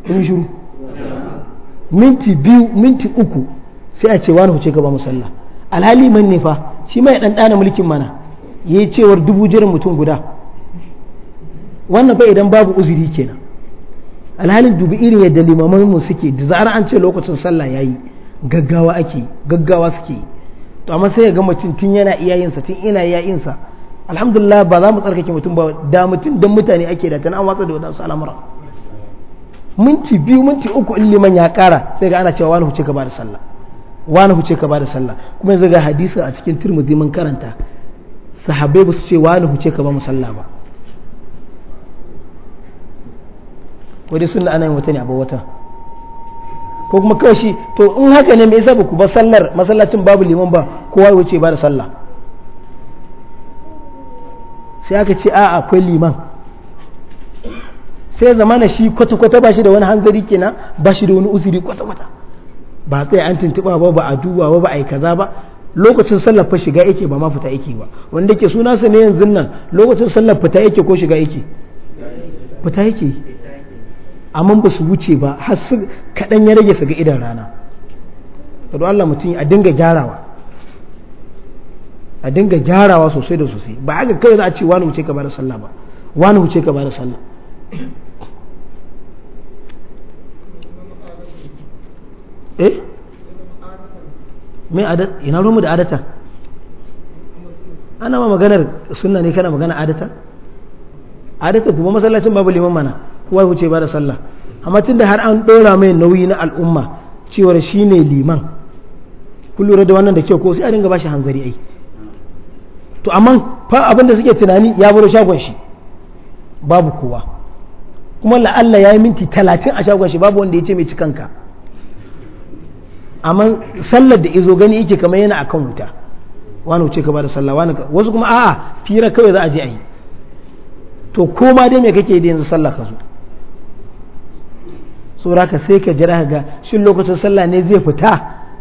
kun shuru minti biyu minti uku sai a ce wani wuce gaba musalla alhali man ne fa shi mai ɗanɗana mulkin mana ya yi cewar dubu jirin mutum guda wannan bai idan babu uzuri kenan alhalin dubi irin yadda limaman mu suke da zarar an ce lokacin sallah yayi gaggawa ake gaggawa suke to amma sai ya ga mutum tun yana sa tun ina sa alhamdulillah ba za mu tsarkake mutum ba da mutum don mutane ake da tana an watsa da wadansu al'amura minti biyu minti uku in liman ya kara sai ga ana cewa wani huce ka ba da sallah wani huce ka ba da sallah kuma yanzu ga hadisi a cikin turmudi mun karanta sahabbai ba su ce wani huce ka ba mu sallah ba wani sunna ana yin wata ne a wata ko kuma kawai shi to in haka ne me yasa ba ku ba sallar masallacin babu liman ba kowa ya wuce ba da sallah sai aka ce a akwai liman sai zamana shi kwata-kwata ba shi da wani hanzari kenan ba shi da wani uzuri kwata-kwata ba tsaye an tuntuɓa ba ba a duba ba ba a yi kaza ba lokacin sallar fa shiga yake ba ma fita yake ba wanda ke suna su ne yanzu nan lokacin sallar fita yake ko shiga yake fita yake amma ba su wuce ba har su kaɗan ya rage su ga idan rana kado Allah mutum a dinga gyarawa a dinga gyarawa sosai da sosai ba haka kai za a ce wani wuce ka bada sallah ba wani wuce ka bada sallah eh mai adat ina rumu da adata ana ma maganar sunna ne kana magana adata adata kuma masallacin babu liman mana kowa ya wuce ba da sallah amma tunda har an ɗora mai nauyi na al'umma cewar shi ne liman kun lura da wannan da kyau ko sai a dinga bashi hanzari ai to amma fa abin da suke tunani ya baro shagon shi babu kowa kuma la'alla ya yi minti talatin a shagon shi babu wanda ya ce mai cikanka amma sallar da izo gani yake kamar yana akan wuta wani wuce ka bada sallah wani wasu kuma a'a fira kawai za a je a yi to koma dai me kake da yanzu sallah ka zo saboda ka sai ka jira ga shi lokacin sallah ne zai fita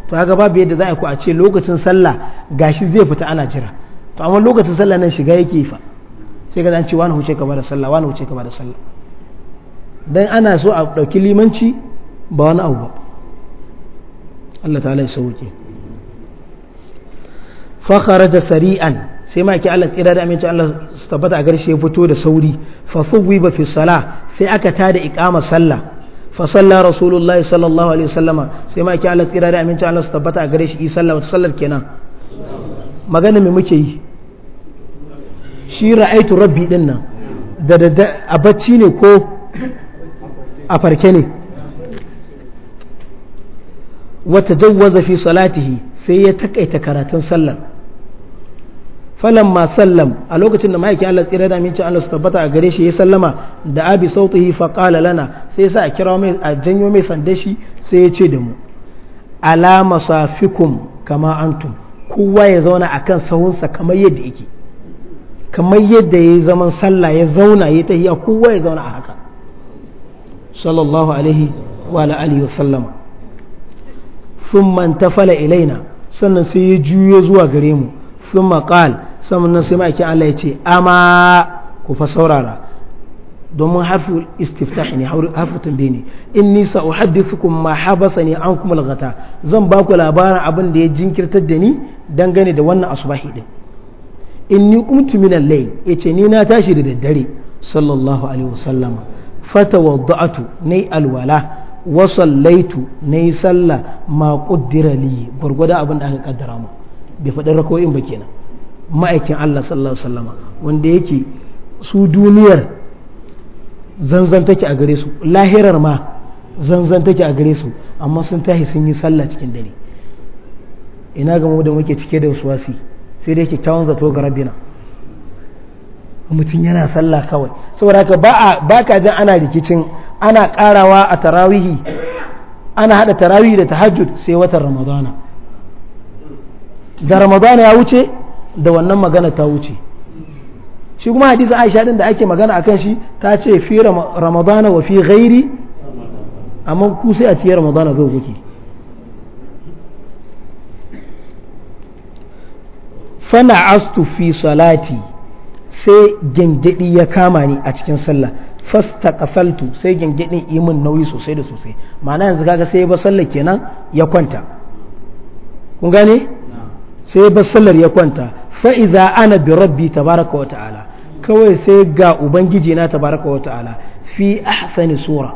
to haka babu yadda za a ku a ce lokacin sallah gashi zai fita ana jira to amma lokacin sallah nan shiga yake fa sai ka ce wani huce ka bada sallah wani huce ka bada sallah dan ana so a dauki limanci ba wani abu ba Allah ta'ala ya sauke fa kharaja sari'an sai ma ke Allah tsira da aminci Allah su tabbata a garshe ya fito da sauri fa fuwi ba fi sala sai aka tada iqama sallah fa salla rasulullahi sallallahu alaihi wasallama sai ma ki Allah tsira da aminci Allah su tabbata a gare shi yi sallah wata sallar kenan magana me muke yi shi ra'aitu rabbi din da da a bacci ne ko a farke ne wata jawwaza fi salatihi sai ya takaita karatun sallar falan ma sallam a lokacin da ma'aikin Allah tsira da amincin Allah su tabbata a gare shi ya sallama da abi sautuhi fa qala lana sai sa a kira mai a janyo mai sanda shi sai ya ce da mu ala masafikum kama antum kowa ya zauna akan sahunsa kamar yadda yake kamar yadda ya zaman sallah ya zauna ya tahiya kowa ya zauna a haka sallallahu alaihi wa alihi wa ilaina sannan sai ya juyo zuwa gare mu sun saman nan sai ma'aikin Allah ya ce amma ku fa saurara domin harfu istiftah ne harfu ne in nisa uhaddithukum ma habasani an kuma ghata zan ba ku labarin abin da ya jinkirtar da ni dangane da wannan asubahi din inni qumtu min al-layl ce ni na tashi da daddare sallallahu alaihi wasallam fatawadda'tu nay alwala wa sallaitu nai sallah ma qaddara li gurgurda abin da aka kaddara mu bai faɗin rako'in ba kenan ma'aikin Allah sallallahu alaihi wasallama wanda yake su duniyar zanzan a gare su lahirar ma zanzan a gare su amma sun tahi sun yi sallah cikin dare ina ga mu da muke cike da wasuwasi sai dai zato ga rabbina mutum yana sallah kawai saboda haka ba ka jan ana rikicin ana karawa a tarawihi ana hada tarawihi da tahajjud sai watan ramadana da ramadana ya wuce da wannan magana ta wuce shi kuma hadisin aisha din da ake magana akan shi ta ce fi ramadana wa fi ghairi amma ku sai a ce ramadana ga kuke fana astu fi salati sai gyangyaɗi ya kama ni a cikin sallah fasta kafaltu sai gyangyaɗin imin nauyi sosai da sosai ma'ana yanzu kaga sai ba sallar kenan ya kwanta kun gane sai ba sallar ya kwanta fa'iza ana bi rabbi tabaraka wa ta'ala kawai sai ga ubangiji na tabaraka wa ta'ala fi ahsani sura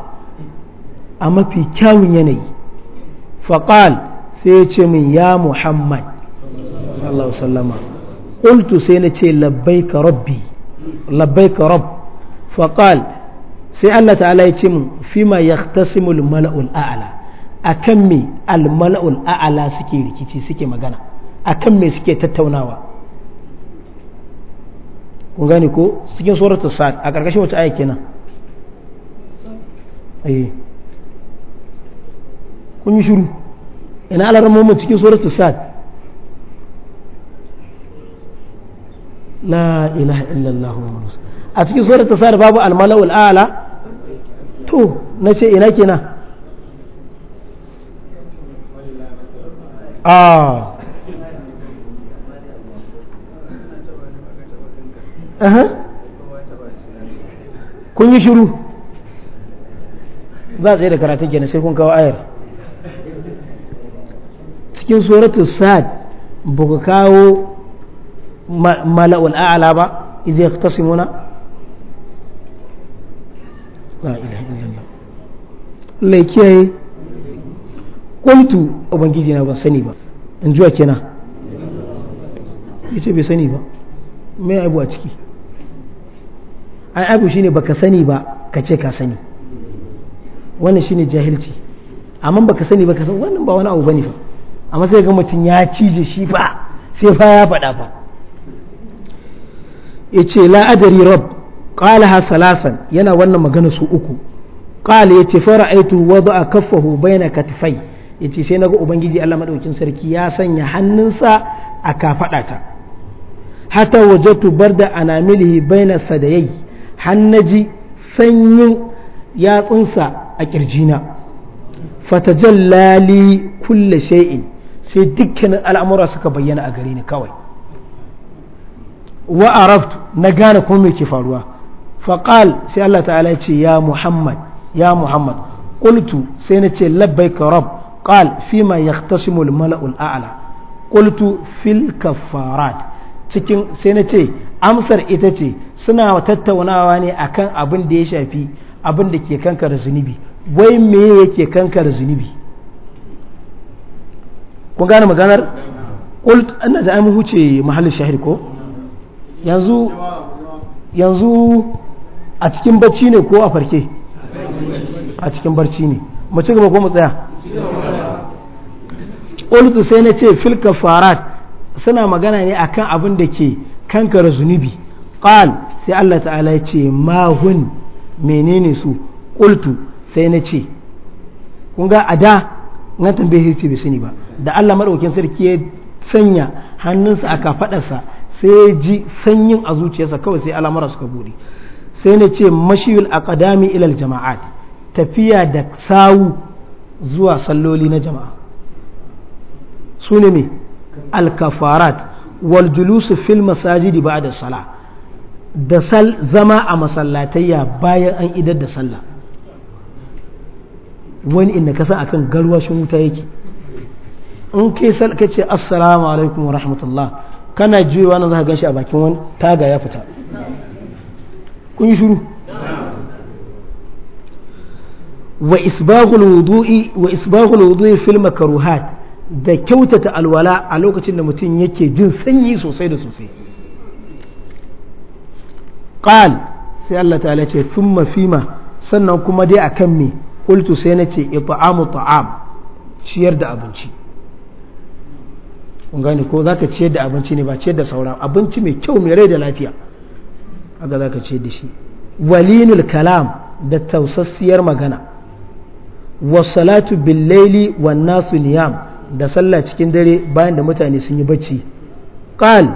a mafi kyawun yanayi faƙal sai ya ce min ya muhammad sallallahu sallama ƙultu sai na ce labbaika rabbi labbaika rabb faƙal sai allah ta'ala ya ce min fima ya tasimul mala'ul a'ala a kan me al mala'ul a'ala suke rikici suke magana a kan me suke tattaunawa kun gani ko cikin suratul sa'ad a karkashin wace aya kenan eh kun yi shiru ina mu cikin suratul sa'ad la ilaha illallah a cikin suratul sa'ad babu almala'ul ala to na ce ina kenan ah kun yi shiru za a tsaye da karatun kenan sai kun kawo ayar cikin suratul sa'ad ba ku kawo mala'ul a'ala ba idai ta simuna lai kiyaye kuntu ubangiji na ban sani ba in zuwa kenan ita bai sani ba mai abu a ciki ai abu shine baka sani ba ka ce ka sani wannan shine jahilci amma baka sani ba ka san wannan ba wani abu bane fa amma sai ga mutum ya cije shi fa sai fa ya faɗa fa yace la adari rabb qalaha salasan yana wannan magana su uku qala yace fara'aitu wada'a kaffahu baina katifai yace sai naga ubangiji Allah madaukin sarki ya sanya hannunsa a kafaɗata hatta wajatu barda anamilihi baina sadayai hannaji sanyin yatsunsa a kirjina fatajallali kulle shay'in sai dukkanin al'amura suka bayyana a gare ni kawai wa araftu na gane kuma me ke faruwa faqal sai Allah ta'ala ce ya Muhammad ya Muhammad qultu sai na ce labbaika rabb qal fima yahtasimu al-mala'u ala qultu fil kaffarat cikin sai na ce amsar ita ce suna tattaunawa ne a kan abin da ya shafi abin da ke kankara zunubi wai me yake kankara zunubi kun gane maganar kul ina da an huce mahallin shahid ko yanzu yanzu a cikin barci ne ko a farke a cikin barci ne mu ci gaba ko mu tsaya qultu sai na ce filka farat suna magana ne akan abin da ke kankara zunubi qal sai Allah ta'ala ya ce mahun menene su qultu sai na ce kun ga a da na tambaye ce bai sani ba da Allah madaukakin sarki ya sanya hannunsa a kafadarsa sai ya ji sanyin a zuciyarsa kawai sai al'amara suka buɗe. sai na ce a aqdami ilal jama'at tafiya da sawu zuwa salloli na jama'a su ne me alkafarat wal julusu fil masajidi ba'da sala da sal zama a masallatayya bayan an idar da sallah wani inda ka san akan garwashin wuta yake in kai sal ka ce assalamu alaikum wa rahmatullah kana jiwa nan zaka ganshi a bakin wani taga ya fita kun yi wa isbaghul wudu'i wa isbaghul wudu'i fil makruhat da kyautata alwala a lokacin da mutum yake jin sanyi sosai da sosai qal sai Allah ta'ala ce thumma fima sannan kuma dai akan me qultu sai na ce it'amu ta'am ciyar da abinci kun gane ko zaka ciyar da abinci ne ba ciyar da saura abinci mai kyau mai rai da lafiya haka zaka ciyar da shi walinul kalam da tausassiyar magana salatu bil laili wan nasu niyam da sallah cikin dare bayan da mutane sun yi bacci qal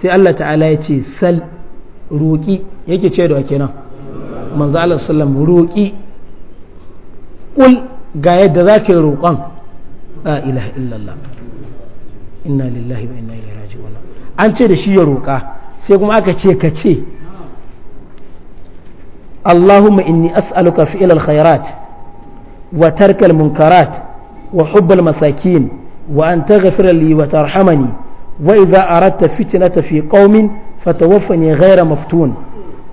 sai Allah ta'ala ya ce sal roƙi yake ce da kenan manzo Allah sallam roƙi kul ga yadda zaka roƙon la ilaha illallah inna lillahi wa inna ilaihi raji'un an ce da shi ya roƙa sai kuma aka ce ka ce اللهم إني أسألك فعل الخيرات وترك المنكرات وحب المساكين وأن تغفر لي وترحمني وإذا أردت فتنة في قوم فتوفني غير مفتون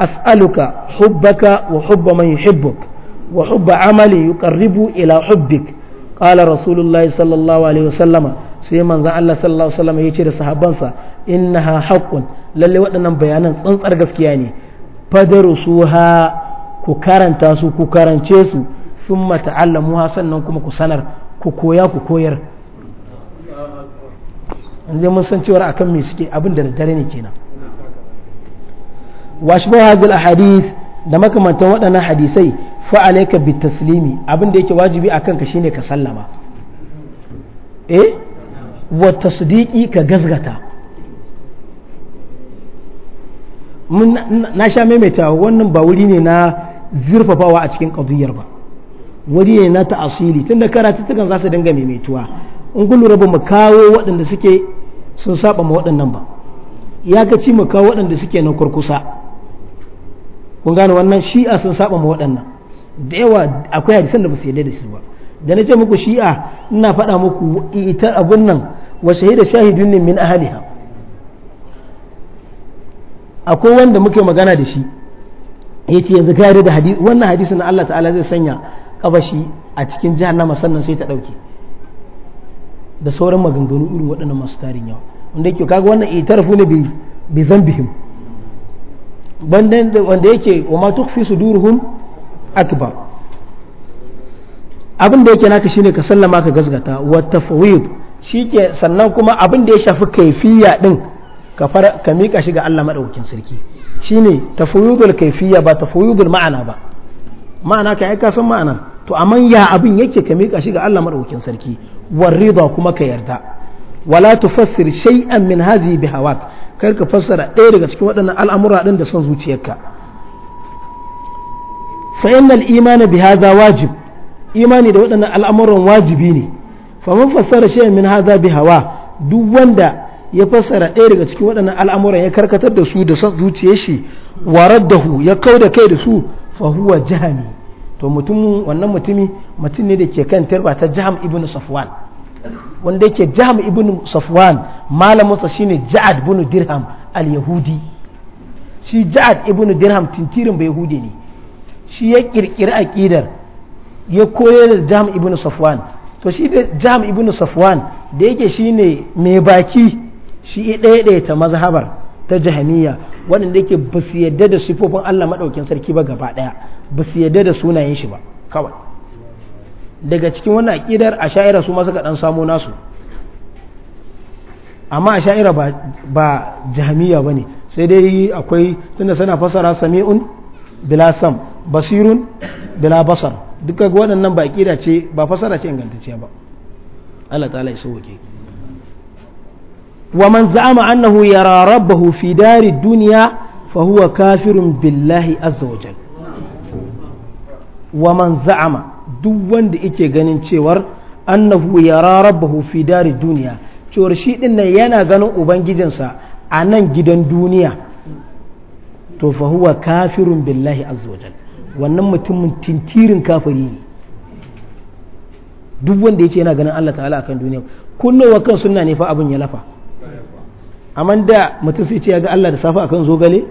أسألك حبك وحب من يحبك وحب عمل يقرب إلى حبك قال رسول الله صلى الله عليه وسلم sai manzan Allah sallallahu Alaihi wasallam ya ce da sahabbansa innaha haqqun lallai waɗannan bayanan tsantsar gaskiya ne fadaru su ha ku karanta su ku karance su sun mata'allamu sannan kuma ku sanar ku koya ku koyar inda mun san cewar akan me suke abin da daddare ne kenan washbahu hadil hadis da makamantan waɗannan hadisai fa alayka taslimi abin da yake wajibi akan ka shine ka sallama eh wa tasdiqi ka gazgata mun na sha maimaita wannan ba wuri ne na zurfafawa a cikin qadiyar ba wuri ne na ta'asili tunda karatu tukan za su dinga maimaituwa in kun lura ba mu kawo waɗanda suke sun saba ma waɗannan ba ya ga ci waɗanda suke nan kurkusa kun gane wannan shi'a sun saba ma waɗannan da yawa akwai hadisan da ba su yarda da su ba da na ce muku shi'a ina faɗa muku ita abun nan wa shahida shahidun min ahliha akwai wanda muke magana da shi ya ce yanzu ka yarda da hadisi wannan hadisin Allah ta'ala zai sanya kafashi a cikin jahannama sannan sai ta ɗauke da sauran maganganu irin waɗannan masu tarin yawa wanda yake kaga wannan itarafu ne bi zambihim wanda yake wa ma tukfi suduruhum akbar abin da yake naka shine ka sallama ka gasgata wa tafwid shike sannan kuma abin da ya shafi kaifiya din ka fara ka mika shi ga Allah madaukakin sarki shine tafwidul kaifiya ba tafwidul ma'ana ba ma'ana ka aika san ma'anar. to amma ya abin yake ka mika shi ga Allah madaukakin sarki warida kuma ka yarda wala tufassir shay'an min hadhihi bihawak kar ka fassara ɗaya daga cikin waɗannan al'amura ɗin da son zuciyarka fa innal imana wajib imani da waɗannan al'amuran wajibi ne fa man fassara shay'an min hadha bihawa duk wanda ya fassara ɗaya daga cikin waɗannan al'amuran ya karkatar da su da son zuciyar shi waraddahu ya kauda da kai da su fa huwa jahami to mutumin wannan mutumi mutum ne da ke kan tarba ta jaham ibn safwan wanda yake jaham ibn safwan malaminsa shine ja'ad ibn dirham al-yahudi shi ja'ad ibn dirham tintirin bai yahudi ne shi ya kirkiri aqidar ya koyar da jaham ibn safwan to shi da jaham ibn safwan da yake shine mai baki shi ya ɗaya ta mazhabar ta jahamiya waɗanda yake basu su yadda da sifofin Allah maɗaukin sarki ba gaba ɗaya ba su yarda da sunayen shi ba kawai daga cikin wannan akidar a sha'ira su masu kaɗan samu nasu amma a sha'ira ba jami'a ba ne sai dai akwai tunda suna fasara sami'un bila basirun bila basar duka waɗannan ba akida ce ba fasara ce ingantacciya ba Allah ta'ala ya wuke wa man za'ama annahu yara rabbahu fi dari duniya fa huwa kafirun billahi azza wa wa man za'ama duk wanda yake ganin cewar annahu yara rabbahu fi dari duniya cewar shi din nan yana ganin ubangijinsa a nan gidan duniya to fa huwa kafirun billahi azza wajal wannan mutumin tintirin kafiri ne duk wanda yace yana ganin Allah ta'ala akan duniya wa kan sunna ne fa abin ya lafa amma da mutum sai ce ya ga Allah da safa akan zogale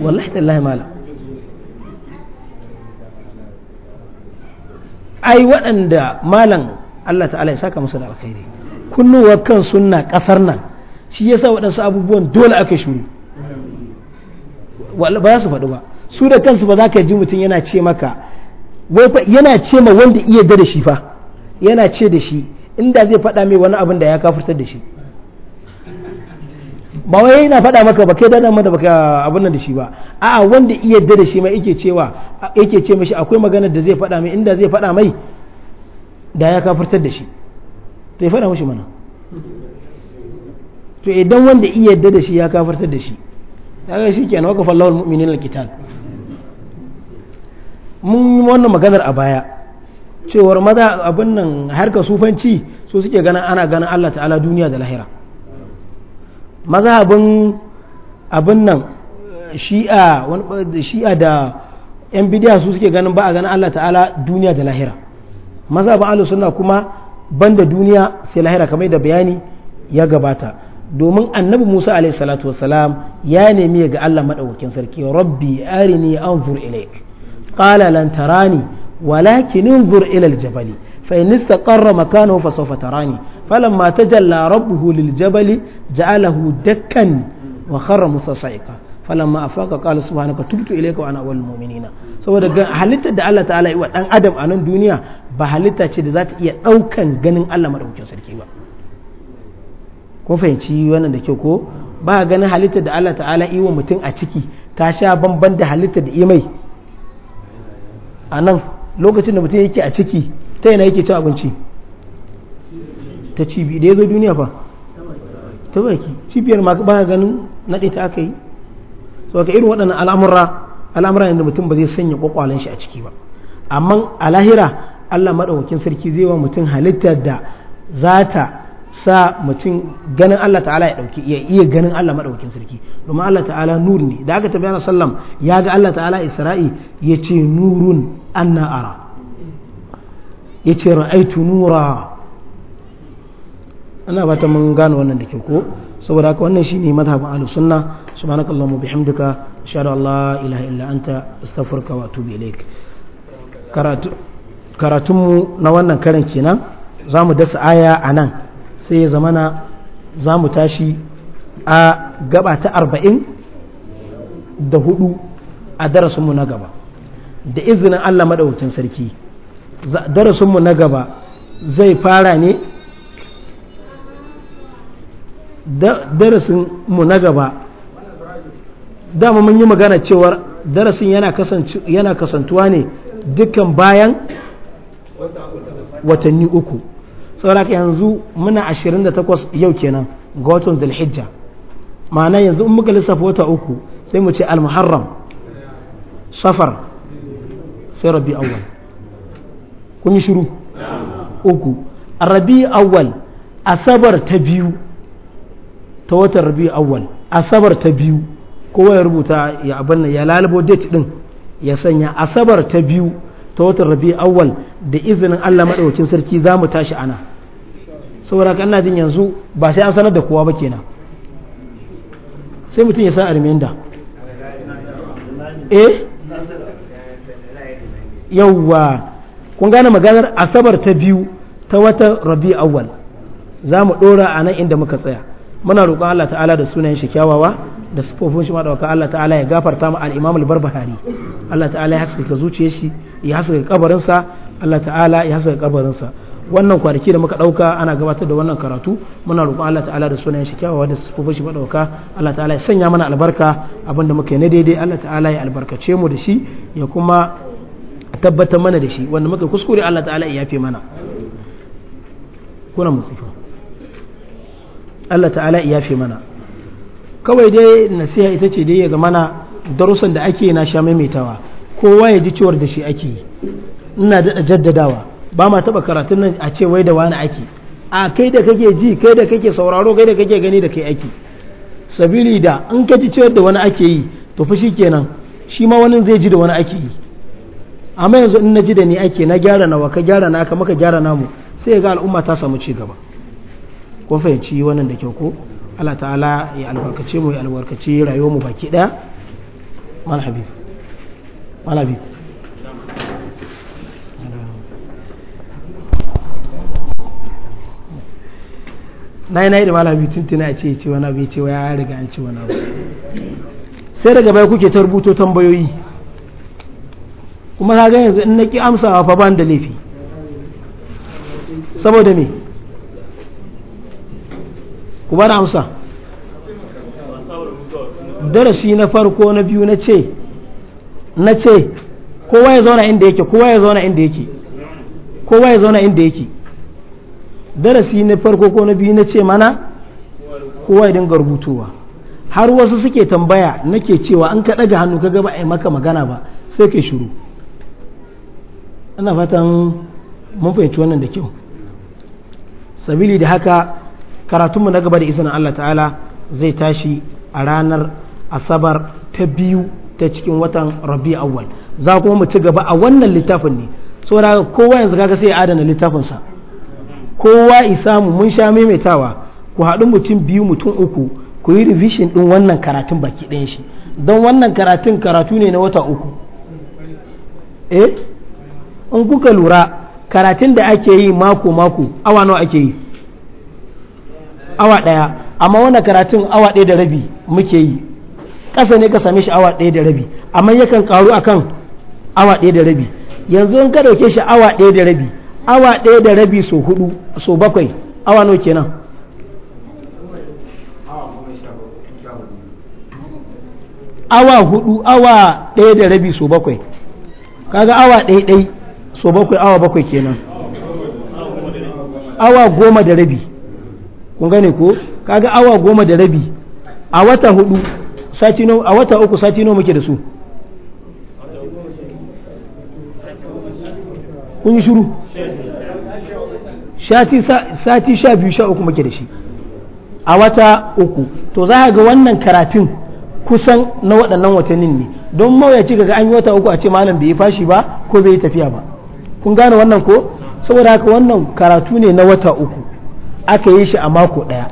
wallahi tallahi malam ai waɗanda malam Allah ta'ala ya saka musu da alkhairi kunnuwa kan sunna kasar nan shi yasa waɗansu abubuwan dole aka shuru ba za su faɗi ba su da kansu ba za ka ji mutum yana ce maka yana ce ma wanda iya da shi fa yana ce da shi inda zai faɗa mai wani abin da ya kafurtar da shi ba wai yana faɗa maka ba kai dana mata baka abin nan da shi ba a'a wanda iya da shi mai yake cewa yake ce mishi akwai magana da zai faɗa mai inda zai faɗa mai da ya kafirtar da shi to ya faɗa mishi mana to idan wanda iya yadda da shi ya kafirtar da shi kaga shi kenan waka fallahu almu'minina alkitab mun wannan maganar a baya cewar maza abin nan harka sufanci so suke ganin ana ganin Allah ta'ala duniya da lahira mazhabin abin nan shi'a shi'a da yan bidiya su suke ganin ba a ganin Allah ta'ala duniya da lahira mazhabin ahlus sunna kuma banda duniya sai lahira kamar da bayani ya gabata domin annabi Musa alaihi salatu wassalam ya nemi ga Allah madaukakin sarki rabbi arini anzur ilaik qala lan tarani walakin anzur ila aljabali fa in istaqarra makanahu fa sawfa tarani فلما تجلى ربه للجبل جعله دكا وخر موسى صعقا فلما أفاق قال سبحانك تبت إليك na أول المؤمنين saboda halitta da Allah ta'ala wa dan adam a nan duniya ba halitta ce da za ta iya ɗaukan ganin Allah maɗaukakin sarki ba ko fahimci wannan da kyau ko ba ganin halittar da Allah ta'ala iwa mutum a ciki ta sha bamban da halittar da imai a nan lokacin da mutum yake a ciki ta yana yake cin abinci ta cibi da ya zo duniya fa ta baki cibiyar ma ba ganin naɗe ta aka yi so ka irin waɗannan al'amura al'amura ne da mutum ba zai sanya kwakwalen shi a ciki ba amma a lahira Allah maɗaukakin sarki zai wa mutum halittar da za ta sa mutum ganin Allah ta'ala ya dauki ya iya ganin Allah madaukakin sarki domin Allah ta'ala nur ne da aka tabbata sallam ya ga Allah ta'ala Isra'i yace nurun anna ara yace ra'aitu nura ana ba ta mun gano wannan da ke ko saboda haka wannan shine madhhabin ahlus sunna subhanakallahumma bihamdika ashhadu an la ilaha illa anta astaghfiruka wa atubu ilaik karatu karatunmu na wannan karan kenan zamu dasa aya a nan sai ya zamana za tashi a gaba ta arba'in da hudu a darasinmu na gaba da izinin allah maɗaukin sarki darasinmu na gaba zai fara ne darasin mu na gaba dama mun yi magana cewar darasin yana kasantuwa ne dukkan bayan watanni uku sauraka yanzu muna 28 yau kenan ga watan zulhijja ma'ana yanzu in muka lissafa wata uku sai mu ce almuharram safar sai rabi awwal kun shiru uku rabi awwal asabar ta biyu ta watan rabi awal asabar ta biyu kowa ya rubuta ya abin ya lalabo date din ya sanya asabar ta biyu ta watan rabi awwal da izinin Allah madaukakin sarki za mu tashi ana saboda kan na jin yanzu ba sai an sanar da kowa ba kenan sai mutum ya san armenda eh yawwa kun gane maganar asabar ta biyu ta watan rabi awal za mu ɗora a nan inda muka tsaya muna roƙon Allah ta'ala da sunayen shi kyawawa da sufofin shi madawaka Allah ta'ala ya gafarta mu al-Imam al-Barbahari Allah ta'ala ya haskaka zuciyar shi ya haskaka kabarin sa Allah ta'ala ya haskaka kabarin sa wannan kwarki da muka dauka ana gabatar da wannan karatu muna roƙon Allah ta'ala da sunayen shi kyawawa da sufofin shi madawaka Allah ta'ala ya sanya mana albarka abinda muke na daidai Allah ta'ala ya albarkace mu da shi ya kuma tabbatar mana da shi wanda muka kuskure Allah ta'ala ya yafe mana kuna musifa Allah ta'ala ya fi mana kawai dai nasiha ita ce dai ya mana darussan da ake na sha maimaitawa kowa ya ji ciwar da shi ake yi ina da jaddadawa ba ma taba karatun nan a ce wai da wani ake a kai da kake ji kai da kake sauraro kai da kake gani da kai ake sabili da in ka ji ciwar da wani ake yi to fa shikenan shi ma wani zai ji da wani ake yi amma yanzu in na ji da ni ake na gyara nawa ka gyara na ka maka gyara namu sai ga al'umma ta samu ci gaba ko fahimci wannan da kyau ko Allah ta'ala ya albarkace mu ya albarkace rayuwar mu baki daya mal habib mal na yi na yi da malami tuntuna a ce ce wani abu ce ya riga an ce wani abu sai daga bai kuke ta rubuto tambayoyi kuma ka ga yanzu in na ki amsawa fa ban da laifi saboda me ku bar amsa darasi na farko na biyu na ce na ce kowa ya zauna inda yake kowa ya zauna inda yake kowa ya zauna inda yake darasi na farko ko na biyu na ce mana kowa ya dinga rubutuwa har wasu suke tambaya nake cewa an ka ɗaga hannu ka gaba a maka magana ba sai kai shiru ana fatan mun fahimci wannan da kyau sabili da haka karatunmu na gaba da izinin Allah ta'ala zai tashi a ranar asabar ta biyu ta cikin watan rabi awwal za kuma mu ci gaba a wannan littafin ne saboda kowa yanzu kaga sai ya adana littafinsa kowa samu mun sha maimaitawa ku haɗu mutum biyu mutum uku ku yi revision ɗin wannan karatun baki ɗayan shi don wannan karatun karatu ne na wata uku eh in kuka lura karatun da ake yi mako mako awa nawa ake yi awa ɗaya amma wannan karatun awa ɗaya da rabi muke yi ƙasa ne ka same shi awa ɗaya da rabi amma yakan karu akan awa ɗaya da rabi yanzu in ka ɗauke shi awa ɗaya da rabi awa ɗaya da rabi so hudu so bakwai awa nawa kenan awa hudu awa ɗaya da rabi so bakwai kaga awa ɗaya ɗai so bakwai awa bakwai kenan awa goma da rabi kun gane ko kaga awa goma da rabi a wata hudu a wata uku sati nawa muke da su kun yi shiru sati sha biyu sha uku muke da shi a wata uku to za ga wannan karatun kusan na waɗannan watannin ne don mawuyaci ga an yi wata uku a ce malam bai yi fashi ba ko bai yi tafiya ba kun gane wannan ko saboda haka wannan karatu ne na wata uku aka yi shi a mako ɗaya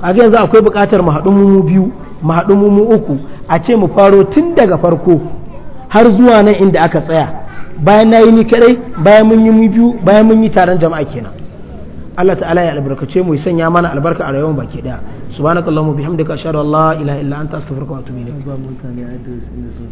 a yanzu akwai buƙatar mu haɗu mu biyu mu haɗu mu uku a ce mu faro tun daga farko har zuwa nan inda aka tsaya bayan na yi ni kadai bayan mun yi mu biyu bayan mun yi taron jama'a kenan Allah ta'ala ya albarkace mu ya sanya mana albarka a rayuwar baki daya subhanakallahumma bihamdika ashhadu an la ilaha illa anta astaghfiruka wa atubu ilayk